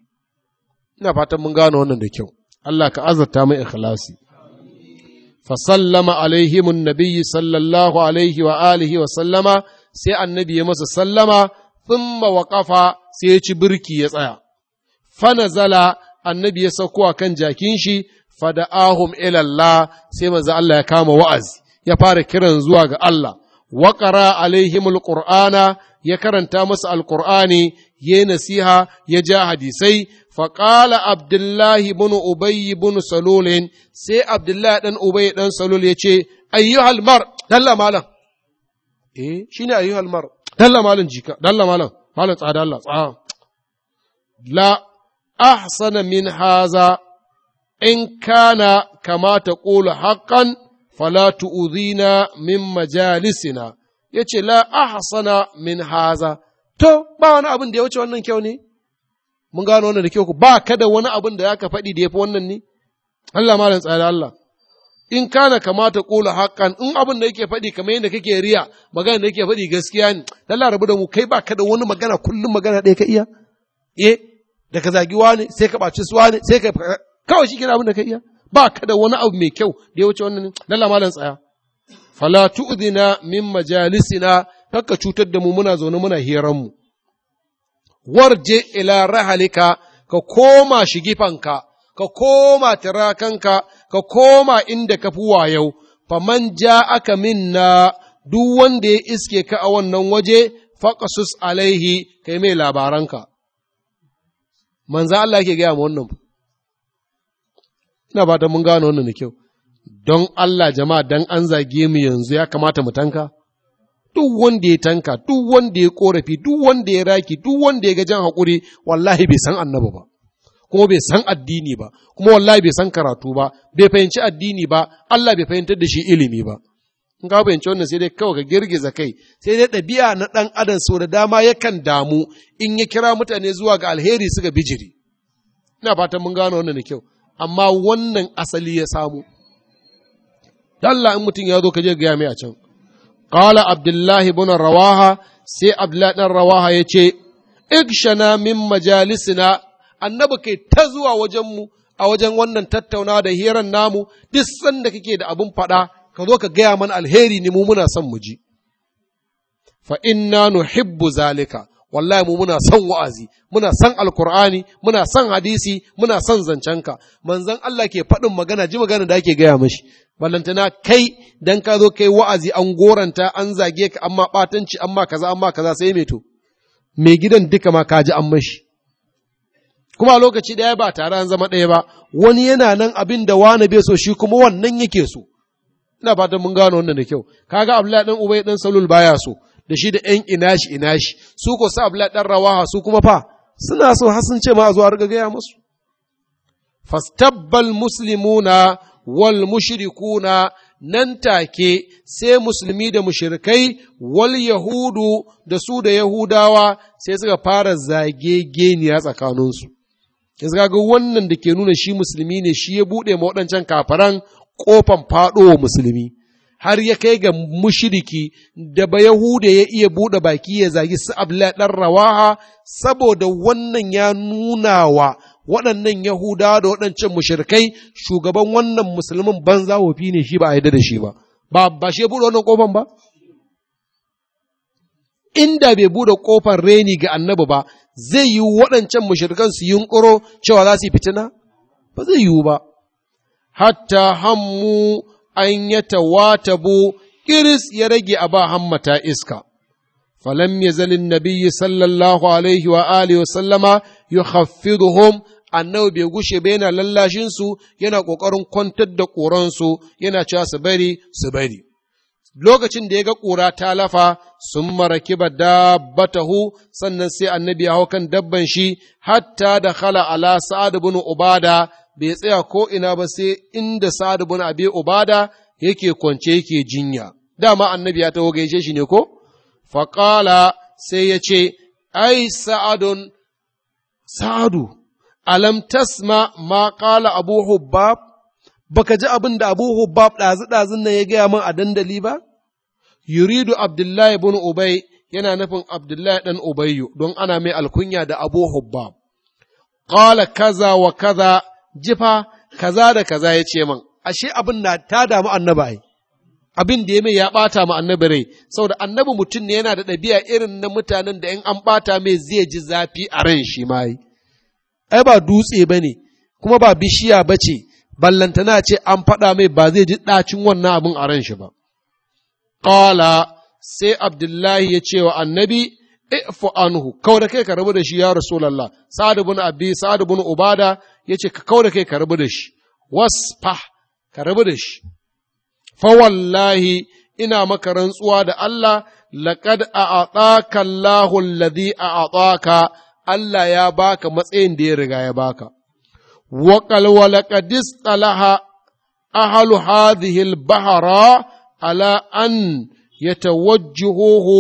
ina fatan mun gano wannan da kyau Allah ka azarta mun ikhlasi fa sallama alaihimun nabiyyi sallallahu alaihi wa alihi wa sallama sai annabi ya masa sallama thumma waqafa sai ya ci birki ya tsaya fa nazala annabi ya sauko kan jakin shi fa da'ahum ila Allah sai manzo Allah ya kama wa'azi ya fara kiran zuwa ga Allah wa qara alaihimul qur'ana ya karanta masa alqur'ani ya nasiha ya ja hadisai faƙala abdullahi bin ubayy bin salolin sai abdullahi dan ubayy Dan salol ya ce ayyuhal mar dalla malam eh shi shine ayyuhal mar dalla malam jika dalla malam malam tsada Allah tsada la ahsana min haza in kana kama ta ƙulu haƙan fala tu'udhina min majalisina yace la ahsana min haza To, ba wani abin da ya wuce wannan kyau ne? Mun gano wannan da kyau ku, ba ka da wani abin da ya ka faɗi da ya fi wannan ne? Allah ma malam tsari Allah. In kana kamata kula haƙan, in abin da yake faɗi kamar yadda kake riya, magana da yake faɗi gaskiya ne, Allah rabu da mu kai ba ka da wani magana kullum magana ɗaya ka iya? Eh, da ka zagi wani, sai ka ɓaci su wani, sai ka kawai shi kira abin da ka iya? Ba ka da wani abu mai kyau da ya wuce wannan ne? Allah malam tsaya. Fala tu'zina min majalisina kakka cutar da mu muna zaune muna hiranmu. Warje ila rahalika ka koma shigifanka, ka koma tirakanka, ka koma inda ka fi wayau, faman ja aka minna duk wanda ya iske ka a wannan waje, faƙasus alaihi kai mai labaranka. Manza Allah ke gaya ma wannan Ina ba ta mun gano wannan da kyau. Don Allah jama'a don an zage mu yanzu ya kamata mu tanka? duk wanda ya tanka duk wanda ya korafi duk wanda ya raki duk wanda ya gajen haƙuri wallahi bai san annabi ba kuma bai san addini ba kuma wallahi bai san karatu ba bai fahimci addini ba Allah bai fahimtar da shi ilimi ba in ka fahimci wannan sai dai kawai ka girgiza kai sai dai ɗabi'a na ɗan adam sau da dama yakan damu in ya kira mutane zuwa ga alheri suka bijiri ina fatan mun gano wannan da kyau amma wannan asali ya samu Allah in mutum ya zo ka je gaya mai a can Ƙala Abdullahi bin Rawaha sai Abdullahi ɗan Rawaha ya ce, Ikshana min majalisina, annabi kai ta zuwa wajenmu a wajen wannan tattauna da hiran namu, duk sanda kake da abin faɗa, ka zo ka gaya mana alheri ne mu muna son mu ji. Fa inna nuhibbu zalika, wallahi mu muna son wa'azi, muna son alkur'ani, muna son hadisi, muna son zancenka, manzon Allah ke faɗin magana ji magana da ake gaya mashi, ballantana kai dan ka zo kai wa'azi an goranta an zage ka amma batanci amma kaza amma kaza sai me to mai gidan duka ma ka ji an mashi kuma lokaci ɗaya ba tare an zama ɗaya ba wani yana nan abin da wani bai so shi kuma wannan yake so ina fatan mun gano wannan da kyau kaga abdullahi dan ubay dan salul baya so da shi da ƴan inashi inashi su ko sa abdullahi dan rawaha su kuma fa suna so har ce ma a zo a riga gaya musu fastabbal muslimuna wal mushrikuna nan take sai musulmi da mushrikai wal yahudu da su da yahudawa sai suka fara zage geniya tsakaninsu yanzu ga wannan da ke nuna shi musulmi ne shi ya buɗe ma waɗancan kafaran ƙofan faɗowa musulmi har ya kai ga mushiriki da ba Yahuda ya iya buɗe baki ya zagi su abla ɗan rawaha saboda wannan ya nuna wa waɗannan Yahuda da waɗancan mushrikai shugaban wannan musulmin banza wafi ne shi ba a yarda da shi ba ba ba shi buɗe wannan kofan ba inda bai buɗe kofar reni ga annabi ba zai yi waɗancan mushrikan su yunƙuro cewa za su yi fitina ba zai yiwu ba hatta hammu an ya bu kiris ya rage a ba hammata iska falam yazalin nabiyyi sallallahu alaihi wa alihi wa sallama annabi bai gushe ba yana lallashinsu yana ƙoƙarin kwantar da ƙoransu yana cewa su bari su bari lokacin da ya ga ƙura ta lafa sun maraki ba dabbatahu sannan sai annabi ya hau kan dabban shi hatta da khala ala sa'ad bin ubada bai tsaya ko ina ba sai inda sa'ad bin abi ubada yake kwance yake jinya dama annabi ya taho gaishe shi ne ko faqala sai ya ce ai sa'adun sa'adu alam tasma ma kala abu hubbab baka ji abin da abu hubbab ɗazu ɗazun nan ya gaya min a dandali ba yuridu abdullahi bin ubay yana nufin abdullahi dan ubayyu don ana mai alkunya da abu hubbab kala kaza wa kaza jifa kaza da kaza ya ce min ashe abin da ta damu annabi abin da ya mai ya ɓata mu annabi rai saboda annabi mutum ne yana da ɗabi'a irin na mutanen da in an bata mai zai ji zafi a ran shi mai. ai ba dutse ba ne kuma ba bishiya ba ce ballantana ce an faɗa mai ba zai ji ɗacin wannan abin a ran shi ba ƙala sai abdullahi ya ce wa annabi ifu anhu kau da kai ka rabu shi ya rasulallah sa'ad ibn abi sa'ad ibn ubada ya ce ka kau da kai ka rabu da shi wasfa ka rabu shi fa wallahi ina maka rantsuwa da Allah laqad a'ataka Allahu alladhi a'ataka Allah ya baka matsayin da ya riga ya baka. Waƙal walaƙadis talaha ahalu hadhihi bahara ala an yatawajjihuhu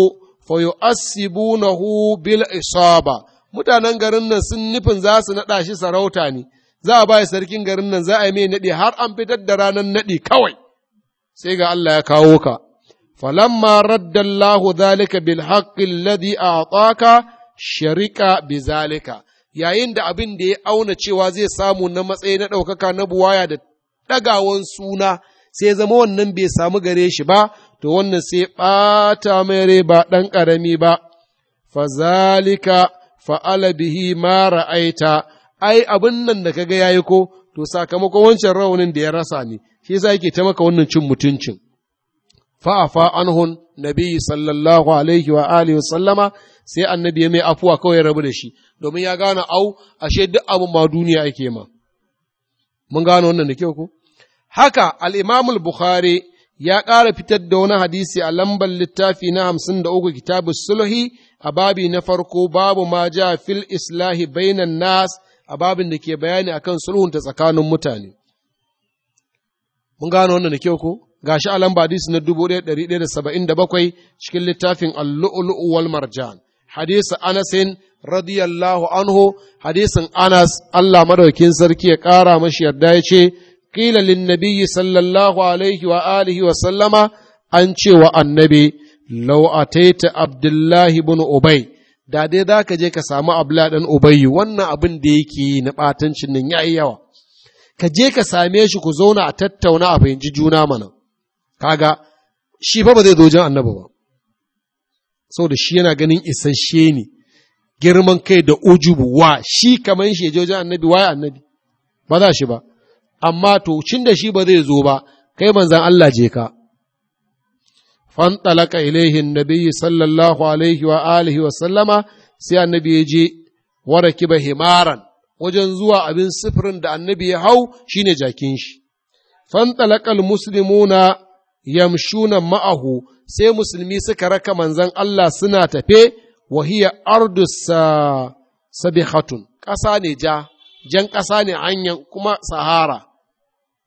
fa yu'assibunahu bil isaba mutanen garin nan sun nufin za su naɗa shi sarauta ne za a bai sarkin garin nan za a yi mai naɗi har an fitar da ranar naɗi kawai sai ga Allah ya kawo ka falamma radda Allahu zalika bil haqqi alladhi a'taka sharika bizalika yayin da abin da ya auna cewa zai samu na matsayi na ɗaukaka na buwaya da ɗagawan suna sai zama wannan bai samu gare shi ba to wannan sai ɓata mai rai ba ɗan ƙarami ba fazalika fa'ala bihi ma ra'aita ai abin nan da kaga yayi ko to sakamakon wancan raunin da ya rasa ne shi yasa yake ta maka wannan cin mutuncin fa'afa anhun nabi sallallahu alaihi wa alihi wa sallama sai annabi ya mai afuwa kawai ya rabu da shi domin ya gane au ashe duk abin ma duniya ake ma mun gane wannan da kyau ko haka al al bukhari ya ƙara fitar da wani hadisi a lambar littafi na hamsin da uku kitabu sulhi a babi na farko babu ma ja fil islahi bainan nas a babin da ke bayani akan sulhunta tsakanin mutane. Mun gano wannan da kyau ko? Gashi a lamba hadisi na 1177 cikin littafin Al-Lu'lu'u wal Marjan. hadisi anasin radiyallahu anhu hadisin anas Allah madaukin sarki ya ƙara mashi yarda ya ce ƙila lin nabiyyi sallallahu alaihi wa alihi wa sallama an ce wa annabi law ataita abdullahi ibn ubay da dai za ka je ka samu abla dan ubayyu wannan abin da yake yi na ɓatancin nan yayi yawa ka je ka same shi ku zauna a tattauna a fahimci juna mana kaga shi fa ba zai zo jin annabi ba saboda shi yana ganin isasshe ne girman kai da ujubu wa shi kamar shi je wajen annabi waye annabi ba za shi ba amma to cin da shi ba zai zo ba kai manzan Allah je ka fantalaka ilaihin nabiyyi sallallahu alaihi wa alihi wa sallama sai annabi ya je waraki ba himaran wajen zuwa abin sifirin da annabi ya hau shine jakin shi fantalakal muslimuna yamshuna ma'ahu sai musulmi suka raka manzan Allah suna tafe wa wahiya ardus sabihatun ƙasa ne ja jan ƙasa ne hanyar kuma sahara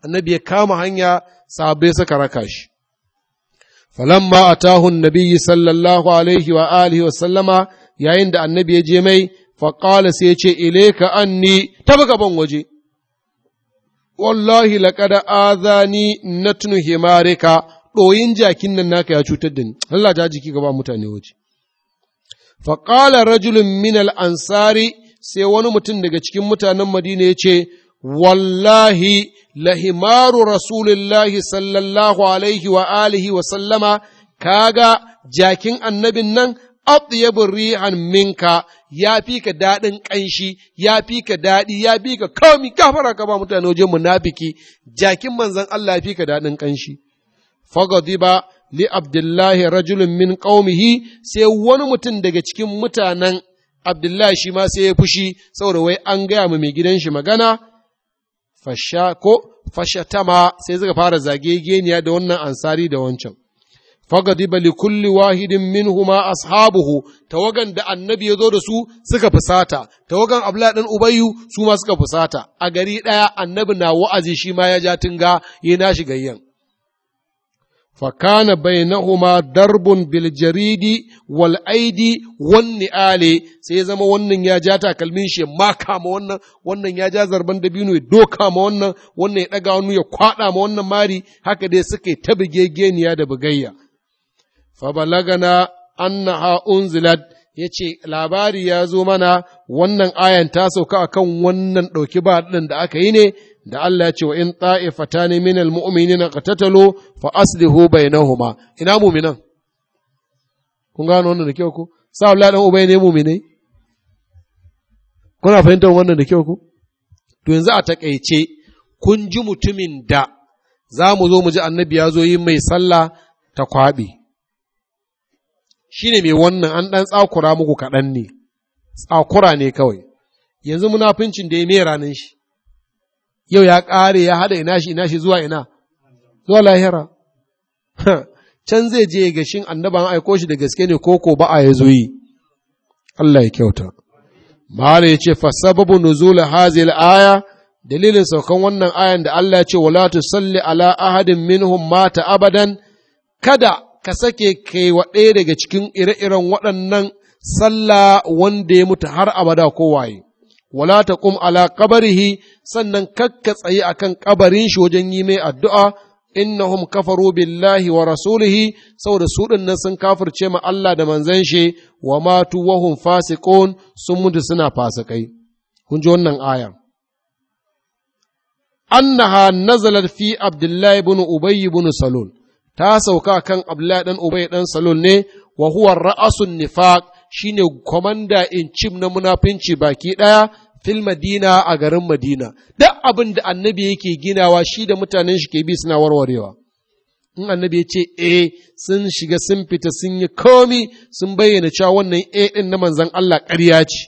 annabi ya kama hanya sahabbai suka raka shi falamma atahu nabiyyi sallallahu alaihi wa alihi wa sallama yayin da annabi ya je mai faƙala sai ya ce ni? anni tafi gaban waje wallahi laqad azani natnu himarika ɗoyin jakin nan naka ya cutar da ni Allah ta jiki gaba mutane waje faƙala rajulun min ansari sai wani mutum daga cikin mutanen madina ya ce wallahi lahimaru rasulillahi sallallahu alaihi wa alihi wa sallama kaga jakin annabin nan atyabur rihan minka ya fi ka daɗin ƙanshi ya fi ka daɗi ya fi ka kawai kafara ka ba mutane wajen munafiki jakin manzon Allah ya fi ka daɗin ƙanshi fagadiba li abdullahi rajulun min qaumihi sai wani mutum daga cikin mutanen abdullahi shi ma sai ya fushi saboda wai an gaya mu mai gidan shi magana fasha ko fashatama sai zaka fara zagegeniya da wannan ansari da wancan fagadiba li kulli wahidin minhuma ashabuhu tawagan da annabi yazo da su suka fusata tawagan abla dan ubayyu su ma suka fusata a gari daya annabi na wa'azi shi ma ya ja tunga yana shi gayyan fakana بينهما darbun بالجريد wal aidi زما sai zama wannan ya ja takalmin shi ma kama wannan wannan ya ja zarban dabino ya doka ma wannan wannan ya daga hannu ya kwada ma wannan mari haka dai suka yi ta bigegeniya da bugayya fa balagana annaha unzilat yace labari ya zo mana wannan ayan ta sauka akan wannan dauki ba da aka yi ne da Allah ya ce wa in ta'ifatani minal mu'minina qatatalu fa aslihu bainahuma ina mu'minan kun gano wannan da kyau ku sa Allah dan ubai ne mu'minai kuna fahimtar wannan da kyau ku to yanzu a taƙaice kun ji mutumin da za mu zo mu ji annabi ya zo yi mai sallah ta kwaɓe shine mai wannan an ɗan tsakura muku kaɗan ne tsakura ne kawai yanzu munafincin da ya me ranar shi yau ya ƙare ya haɗa ina shi ina shi zuwa ina zuwa lahira can zai je ga shin annaban aiko shi da gaske ne koko ba a ya zo yi Allah ya kyauta mala ya ce fa sababu nuzul hazil aya dalilin saukan wannan ayan da Allah ya ce wala tusalli ala ahadin minhum mata abadan kada ka sake kai wa ɗaya daga cikin ire-iren waɗannan sallah wanda ya mutu har abada ko waye wala ta kum ala kabarihi sannan kakka tsaye akan kabarin shi wajen yi mai addu'a innahum kafaru billahi wa rasulihi saboda su nan sun kafirce ma Allah da manzan shi wa matu wahum fasikon sun mutu suna fasikai kun ji wannan aya annaha nazalar fi abdullahi bin ubay bin salul ta sauka kan abdullahi ɗan ubay ɗan salul ne wa ra'asun nifaq shine komanda in na munafinci baki ɗaya. fil madina a garin madina duk abin da annabi yake ginawa shi da mutanen shi ke bi suna warwarewa in annabi ya ce e sun shiga sun fita sun yi komi sun bayyana cewa wannan e din na manzan Allah ƙarya ce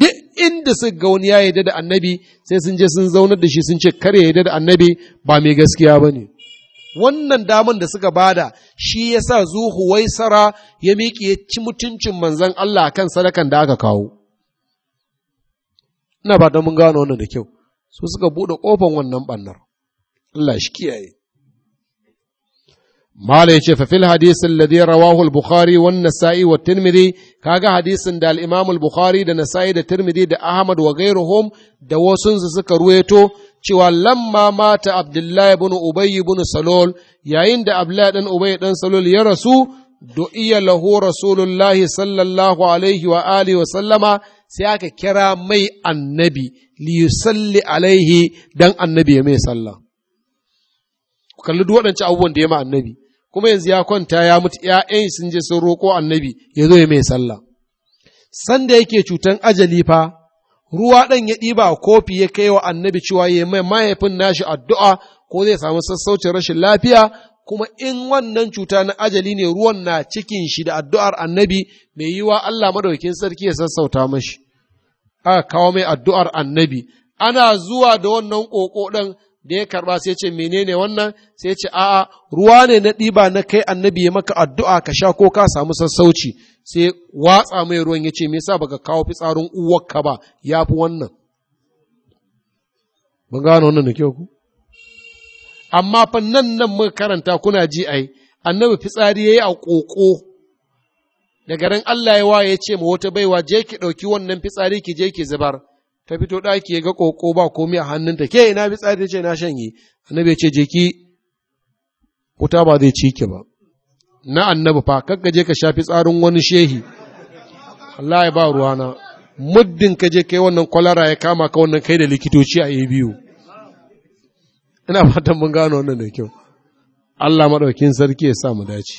duk inda su ga wani ya yarda da annabi sai sun je sun zaunar da shi sun ce kare yarda da annabi ba mai gaskiya bane wannan daman da suka bada shi yasa zuhu waisara ya miƙe ya ci mutuncin manzan Allah kan sadakan da aka kawo ina ba mun gano wannan da kyau su suka buɗe ƙofan wannan ɓannar Allah shi kiyaye Mala ya ce, fil hadisin da zai rawahu al-Bukhari wan Nasa'i wa Tirmidhi, kaga hadisin da al-Imam al-Bukhari da Nasa'i da Tirmidhi da Ahmad wa da wasu suka ruweto cewa lamma mata Abdullahi ibn Ubay ibn Salol yayin da Abdullahi dan Ubay dan Salol ya rasu iya lahu Rasulullahi sallallahu alaihi wa alihi wa sallama sai aka kira mai annabi liyusalli alaihi dan annabi ya mai sallah ku kalli duk waɗancan abubuwan da ya ma annabi kuma yanzu ya kwanta ya mutu ‘ya'yan sun je sun roƙo annabi ya zo ya mai sallah. Sanda yake cutan ajali fa, ruwa ɗan ya ɗiba kofi ya kai wa annabi cewa ya mai mahaifin nashi addu'a ko zai samu sassaucin rashin lafiya kuma in wannan cuta na ajali ne ruwan na cikin shi da addu'ar annabi mai yiwa Allah madaukin sarki ya sassauta mashi, aka kawo mai addu'ar annabi, ana zuwa da wannan ƙoƙo ɗan da ya karɓa sai ce menene wannan sai ce a'a ruwa ne na ɗiba na kai annabi ya maka addu'a ka sha ko ka samu sassauci sai watsa mai ruwan ya ce me yasa baka kawo fitsarin uwarka ba ya fi wannan. gano da kyau ku? amma fa nan nan muka karanta kuna ji ai annabi fitsari yayi a koko. Daga ran Allah ya waye ce ma wata baiwa je ki ɗauki wannan fitsari ki je ki zubar ta fito ɗaki ya ga ƙoƙo ba komai a hannunta ke ina fitsari ce na shanye annabi ya ce je ki wuta ba zai ci ba na annabi fa kakka je ka sha fitsarin wani shehi Allah ya ba ruwana muddin ka je kai wannan kwalara ya kama ka wannan kai da likitoci a biyu ina fatan mun gano wannan da kyau Allah maɗaukin sarki ya sa mu dace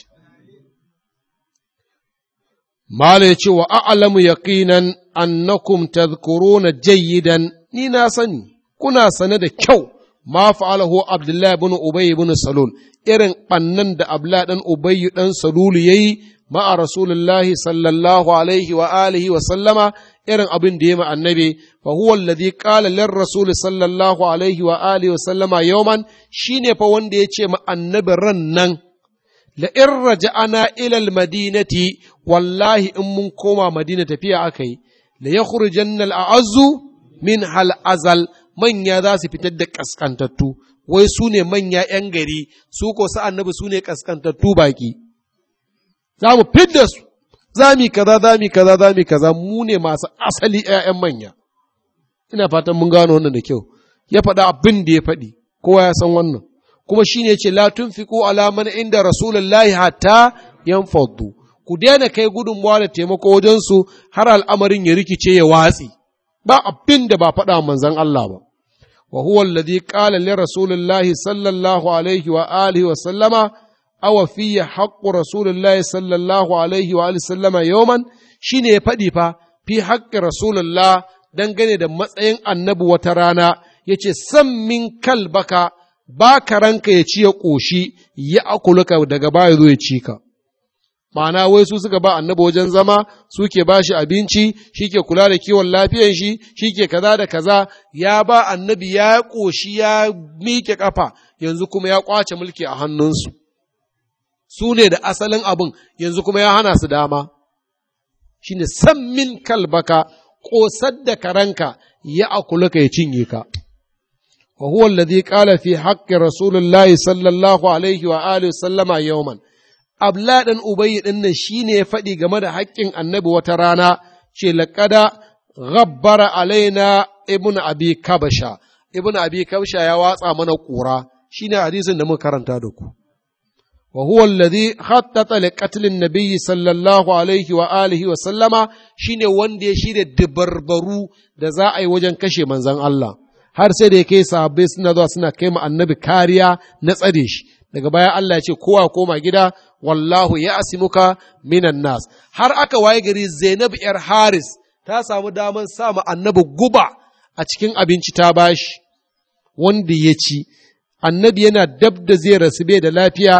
malai ya ce wa a'lamu yaqinan annakum tadhkuruna jayyidan ni na sani kuna sane da kyau ma fa'alahu Abdullahi ibn Ubay ibn Salul irin bannan da Abdullahi dan Ubay dan Salul yayi ma'a rasulullahi sallallahu alaihi irin abin da ya ma annabi fa huwa alladhi qala lir rasul sallallahu alaihi shine fa wanda ya ce ma annabi ran nan la in raja'ana ila madinati wallahi in mun koma madina tafiya akai la yakhrujanna al a'azzu min hal azal manya za su fitar da kaskantattu wai su ne manya 'yan gari su ko annabi su ne kaskantattu baki za mu fidda su za mu kaza za mu kaza za mu kaza mu ne masu asali ƴaƴan manya ina fatan mun gano wannan da kyau ya faɗa abin da ya faɗi kowa ya san wannan kuma shine yace la tunfiqu ala man inda rasulullahi hatta yanfaddu ku daina kai gudunmawa da taimako wajensu har al'amarin ya rikice ya watsi, ba abin da ba faɗa manzan Allah ba. Wa huwa alladhi qala li rasulillahi sallallahu alaihi wa alihi wa sallama awa ya haƙƙu rasulullahi sallallahu alaihi wa sallama yawman shi ne ya faɗi fa fi haƙƙi rasulullah dangane da matsayin annabi wata rana yace ce san min kalbaka ba ka ranka ya ci ya ƙoshi ya akuluka daga baya zo ya ci ka ma'ana wai suka ba annabi wajen zama suke ba shi abinci shike kula da kiwon lafiyar shi shike kaza da kaza ya ba annabi ya ƙoshi ya miƙe ƙafa yanzu kuma ya ƙwace mulki a hannunsu su ne da asalin abin yanzu kuma ya hana su dama shi ne san min kalbaka ƙosar da karanka ya ka ya cinye ka wa huwa alladhi qala fi haqqi rasulillahi sallallahu alaihi wa alihi sallama yawman abla dan ubayy din nan shine ya faɗi game da haƙƙin annabi wata rana ce laqada ghabbara alaina ibn abi kabasha ibn abi kabasha ya watsa mana ƙura shine hadisin da muka karanta da ku وهو الذي خطط لقتل النبي صلى الله عليه وآله وسلم شيني وندي شيني دبربرو da za a yi wajen kashe manzon Allah har sai da ya kai sahabbai suna zuwa suna kai ma annabi kariya na tsare shi daga baya Allah ya ce kowa koma gida wallahu ya asimuka minan nas har aka waye gari Zainab yar Haris ta samu daman sa ma annabi guba a cikin abinci ta bashi wanda ya ci annabi yana dab da zai rasu bai da lafiya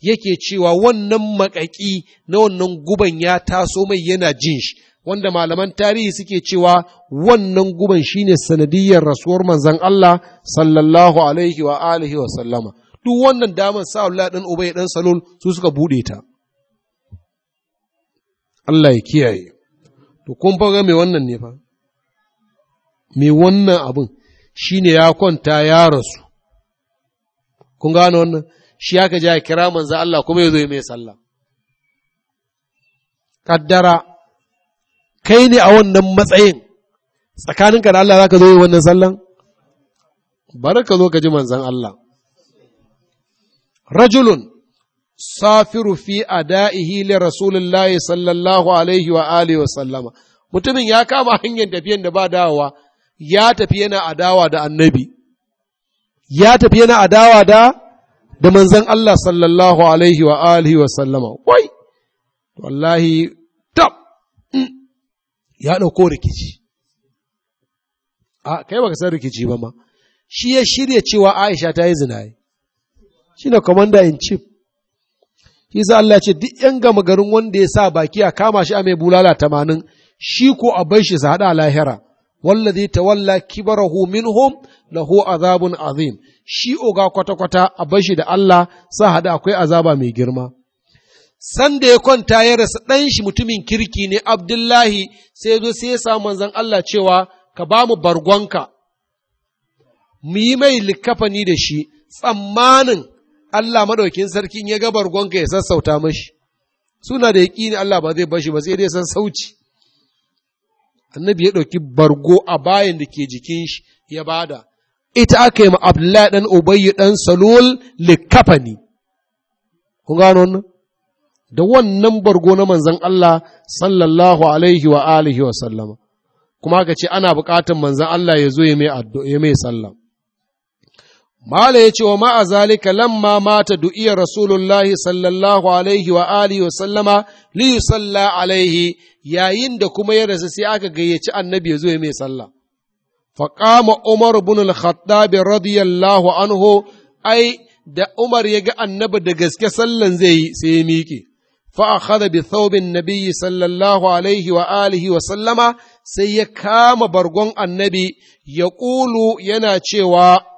yake cewa wannan makaki na wannan guban ya taso mai yana jin shi wanda malaman tarihi suke cewa wannan guban shine sanadiyar rasuwar manzon Allah sallallahu alaihi wa alihi wa sallama duk wannan damar sa'ullah ɗin ubay ɗan salul su suka buɗe ta Allah ya kiyaye to kun faga mai wannan ne fa mai wannan abin shine ya kwanta ya rasu kun gane wannan shi aka ji a kira manzan Allah kuma ya zo mai sallah kaddara kai ne a wannan matsayin tsakaninka da Allah za ka zo yi wannan sallan bari ka zo ka ji manzan Allah rajulun safiru fi ada'ihi li rasulillahi sallallahu alaihi wa alihi wa sallama mutumin ya kama hanyar tafiyan da ba dawowa ya tafi yana adawa da annabi ya tafi yana adawa da da manzan Allah sallallahu alaihi wa alihi wa sallama wai wallahi tab mm. ya ɗauko rikici a kai baka san rikici ba ma shi ya shirya cewa Aisha ta yi zinaye shi na commander in chief shi za Allah ce duk ‘yan gama garin wanda ya sa baki a kama shi a mai bulala tamanin shi ko a bai shi su haɗa lahira wallazi tawalla kibarahu minhum lahu azabun azim shi oga kwata-kwata a bashi da Allah sa hada akwai azaba mai girma sanda ya kwanta ya rasa ɗan shi mutumin kirki ne Abdullahi sai zo sai ya sa manzon Allah cewa ka ba mu bargonka mu yi mai likafani da shi tsammanin Allah madaukin sarkin ya ga bargonka ya sassauta mashi suna da yaƙini Allah ba zai bashi ba sai dai san sauci annabi ya ɗauki bargo a bayan da ke jikin shi ya bada ita aka yi ma abdullahi ɗan ubayyu ɗan salul likafani kun gano wannan da wannan bargo na manzon Allah sallallahu alaihi wa alihi wa sallama kuma aka ce ana buƙatar manzon Allah ya zo ya mai addu'a Mala ya ce wa ma'a zalika lamma mata du'iya Rasulullahi sallallahu alaihi wa alihi wa sallama li salla alaihi yayin da kuma ya rasu sai aka gayyaci annabi ya zo mai sallah. Faƙama Umar bin al-Khattab radiyallahu anhu ai da Umar ya ga annabi da gaske sallan zai yi sai ya miƙe. فأخذ بثوب النبي wa sallama sai ya kama bargon annabi ya ƙulu yana cewa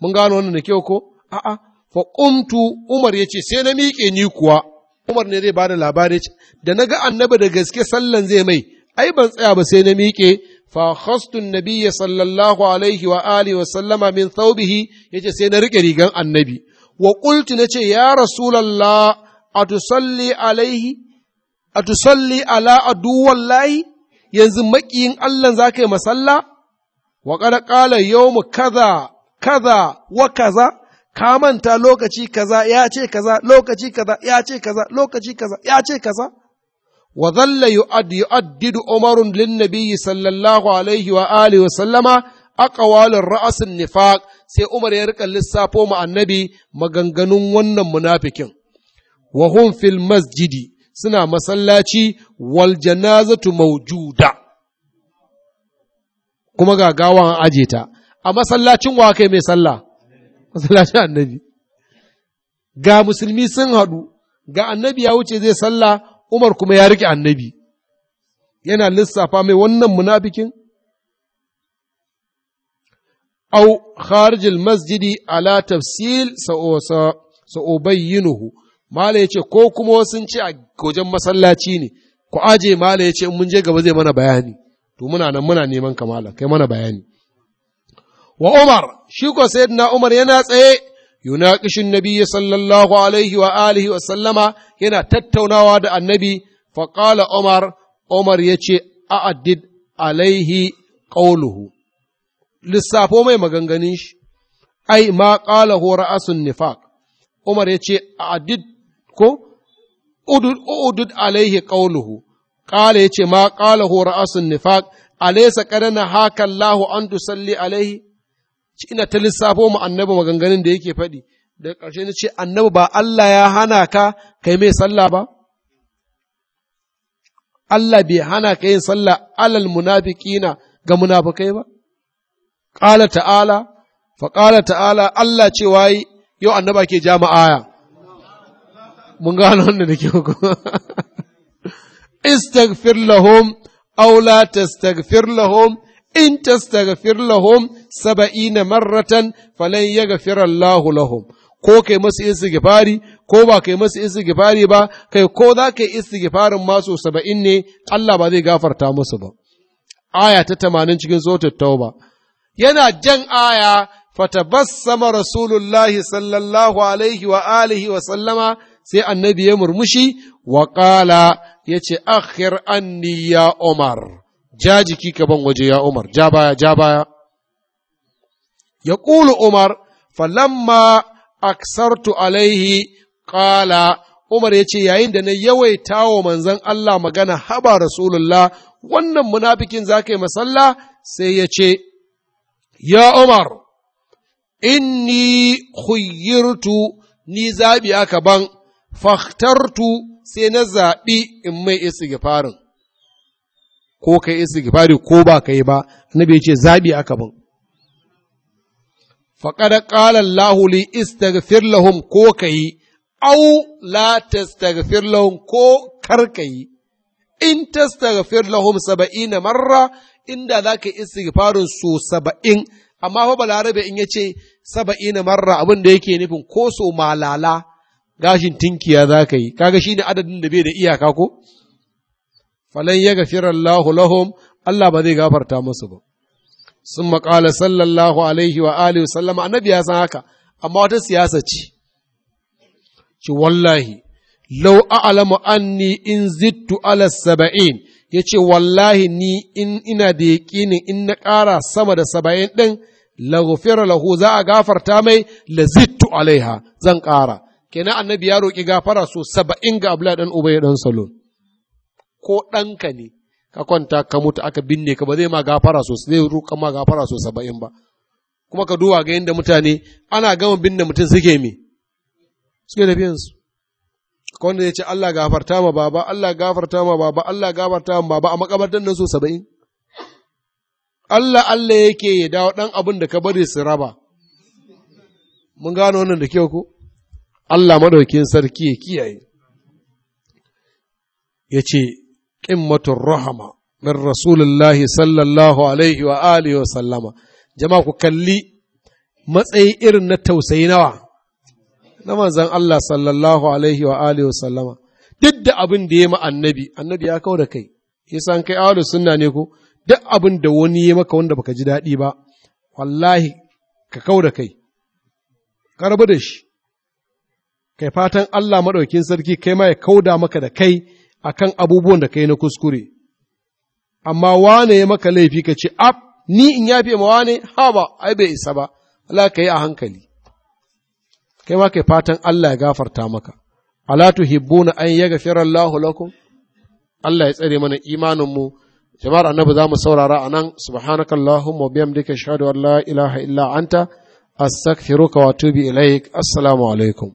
mun gano wannan da kyau ko a'a fa qumtu umar yace sai na miƙe ni kuwa umar ne zai bada labari da naga annabi da gaske sallan zai mai ai ban tsaya ba sai na miƙe fa khastu nabiyyi sallallahu alaihi wa alihi wa sallama min thawbihi yace sai na rike rigan annabi wa qultu nace ya rasulullah atusalli alaihi atusalli ala wallahi yanzu maƙiyin Allah za ka yi masalla? Wa ƙada ƙala kaza kaza wa kaza ka manta lokaci kaza ya ce kaza lokaci kaza ya ce kaza lokaci kaza ya ce kaza wa dhalla yu'ad yu'addidu umarun lin nabiyyi sallallahu alaihi wa alihi wa sallama ar ra's nifaq sai umar ya rika lissafo mu annabi maganganun wannan munafikin wa hum fil masjidi suna masallaci wal janazatu mawjuda kuma ga gawan aje ta a masallacin wa kai mai sallah masallacin annabi ga musulmi sun haɗu ga annabi ya wuce zai sallah umar kuma ya rike annabi yana lissafa mai wannan munafikin au kharijil masjidi ala tafsil sa'ubayyinuhu mala ya ce ko kuma sun ce a gojen masallaci ne ku aje mala ya ce mun je gaba zai mana bayani to muna nan muna neman kamala kai mana bayani wa Umar shi ko sayyidina Umar yana tsaye yunaqishin nabiyyi sallallahu alaihi wa alihi wa sallama yana tattaunawa da annabi fa qala Umar Umar yace a'addid alaihi qawluhu lissafo mai maganganin shi ai ma qala hu ra'asun nifaq Umar yace a'addid ko udud udud alaihi qawluhu qala yace ma qala hu ra'asun nifaq alaysa qadana haka Allahu an tusalli alaihi ina ta lissafo mu annabi maganganun da yake faɗi da ƙarshe na ce annabi ba Allah ya hana ka kai mai sallah ba Allah bai hana ka yin sallah alal munafiqina ga munafikai ba qala ta'ala fa qala ta'ala Allah ce wai yau annaba ke jama'aya mun gano wannan da kyau ko [laughs] istaghfir lahum aw la tastaghfir lahum in tastaghfir lahum saba'ina marratan falan yaghfira Allahu lahum ko kai masu istighfari ko ba kai masu istighfari ba kai ko za ka yi istighfarin masu saba'in ne Allah ba zai gafarta musu ba aya ta tamanin cikin zotar tauba yana jan aya fatabassama rasulullahi sallallahu alaihi wa alihi wa sallama sai annabi ya murmushi wa qala yace akhir anni ya umar ja jiki ka ban waje ya umar ja baya ja baya ya ƙulu umar falamma aksartu alaihi ƙala umar ya ce yayin da na yawaita wa manzon Allah magana haba rasulullah wannan munafikin za ka yi masalla sai ya ce ya umar inni khuyyirtu ni zaɓi aka ban faktartu sai na zaɓi in mai isi farin ko ka yi istighfari ko ba ka ba annabi ya ce zaɓi aka bin qala allah lahuli istaghfir lahum ko kai, au la tastaghfir lahum ko kar kai in tastaghfir lahum 70 marra inda za ka istighfarin su saba'in amma fa balarabe in yace ce marra abin da yake nufin ko so malala gashin tinkiya zakayi. ka yi kaga shine adadin da bai da iyaka ko falan ya gafirar lahum Allah ba zai gafarta musu ba. Sun maƙala sallallahu alaihi wa alihi sallama annabi ya san haka, amma wata siyasa ce. Ci wallahi, lau a'lamu anni in zittu ala saba'in ya ce wallahi ni in ina da yaƙinin in na ƙara sama da saba'in ɗin laghfira lahu za a gafarta mai la zittu alaiha zan ƙara kenan annabi ya roƙi gafara so saba'in ga abla ɗan ubay ɗan salon ko ɗanka ne ka kwanta ka mutu aka binne ka ba zai ma gafara sosai zai ruka ma gafara so saba'in ba kuma ka duwa ga yadda mutane ana gama binne mutum suke mi. suke tafiyansu ka wanda zai ce Allah gafarta ma baba Allah gafarta ma baba Allah gafarta ma baba a makabartan nan so saba'in Allah Allah yake ya dawo ɗan abin da ka bari su raba mun gano wannan da kyau ko Allah madaukin sarki ya kiyaye ya ce qimmatur rahama min rasulullahi sallallahu alaihi wa alihi wa sallama jama'a ku kalli matsayi irin na tausayi nawa na manzon Allah sallallahu alaihi wa alihi wa sallama duk da abin da ya ma annabi annabi ya kawo da kai yasa kai ahlus sunna ne ko duk abin da wani ya maka wanda baka ji daɗi ba wallahi ka kau da kai ka da shi kai fatan Allah maɗaukin sarki kai ma ya kauda maka da kai a kan abubuwan da kai na kuskure, amma wane ya maka laifi ka ce, ab, ni in yafe ma wane, ha ba, ai bai isa ba, Allah ka yi a hankali. Kai ma kai fatan Allah ya gafarta maka, ala na an ya gafirar lakum Allah ya tsare mana imaninmu, jama'ar annabi za mu saurara a nan, subhanakallahumma bihamdika shahadu ilaha illa anta, astaghfiruka wa ilaik, assalamu alaikum.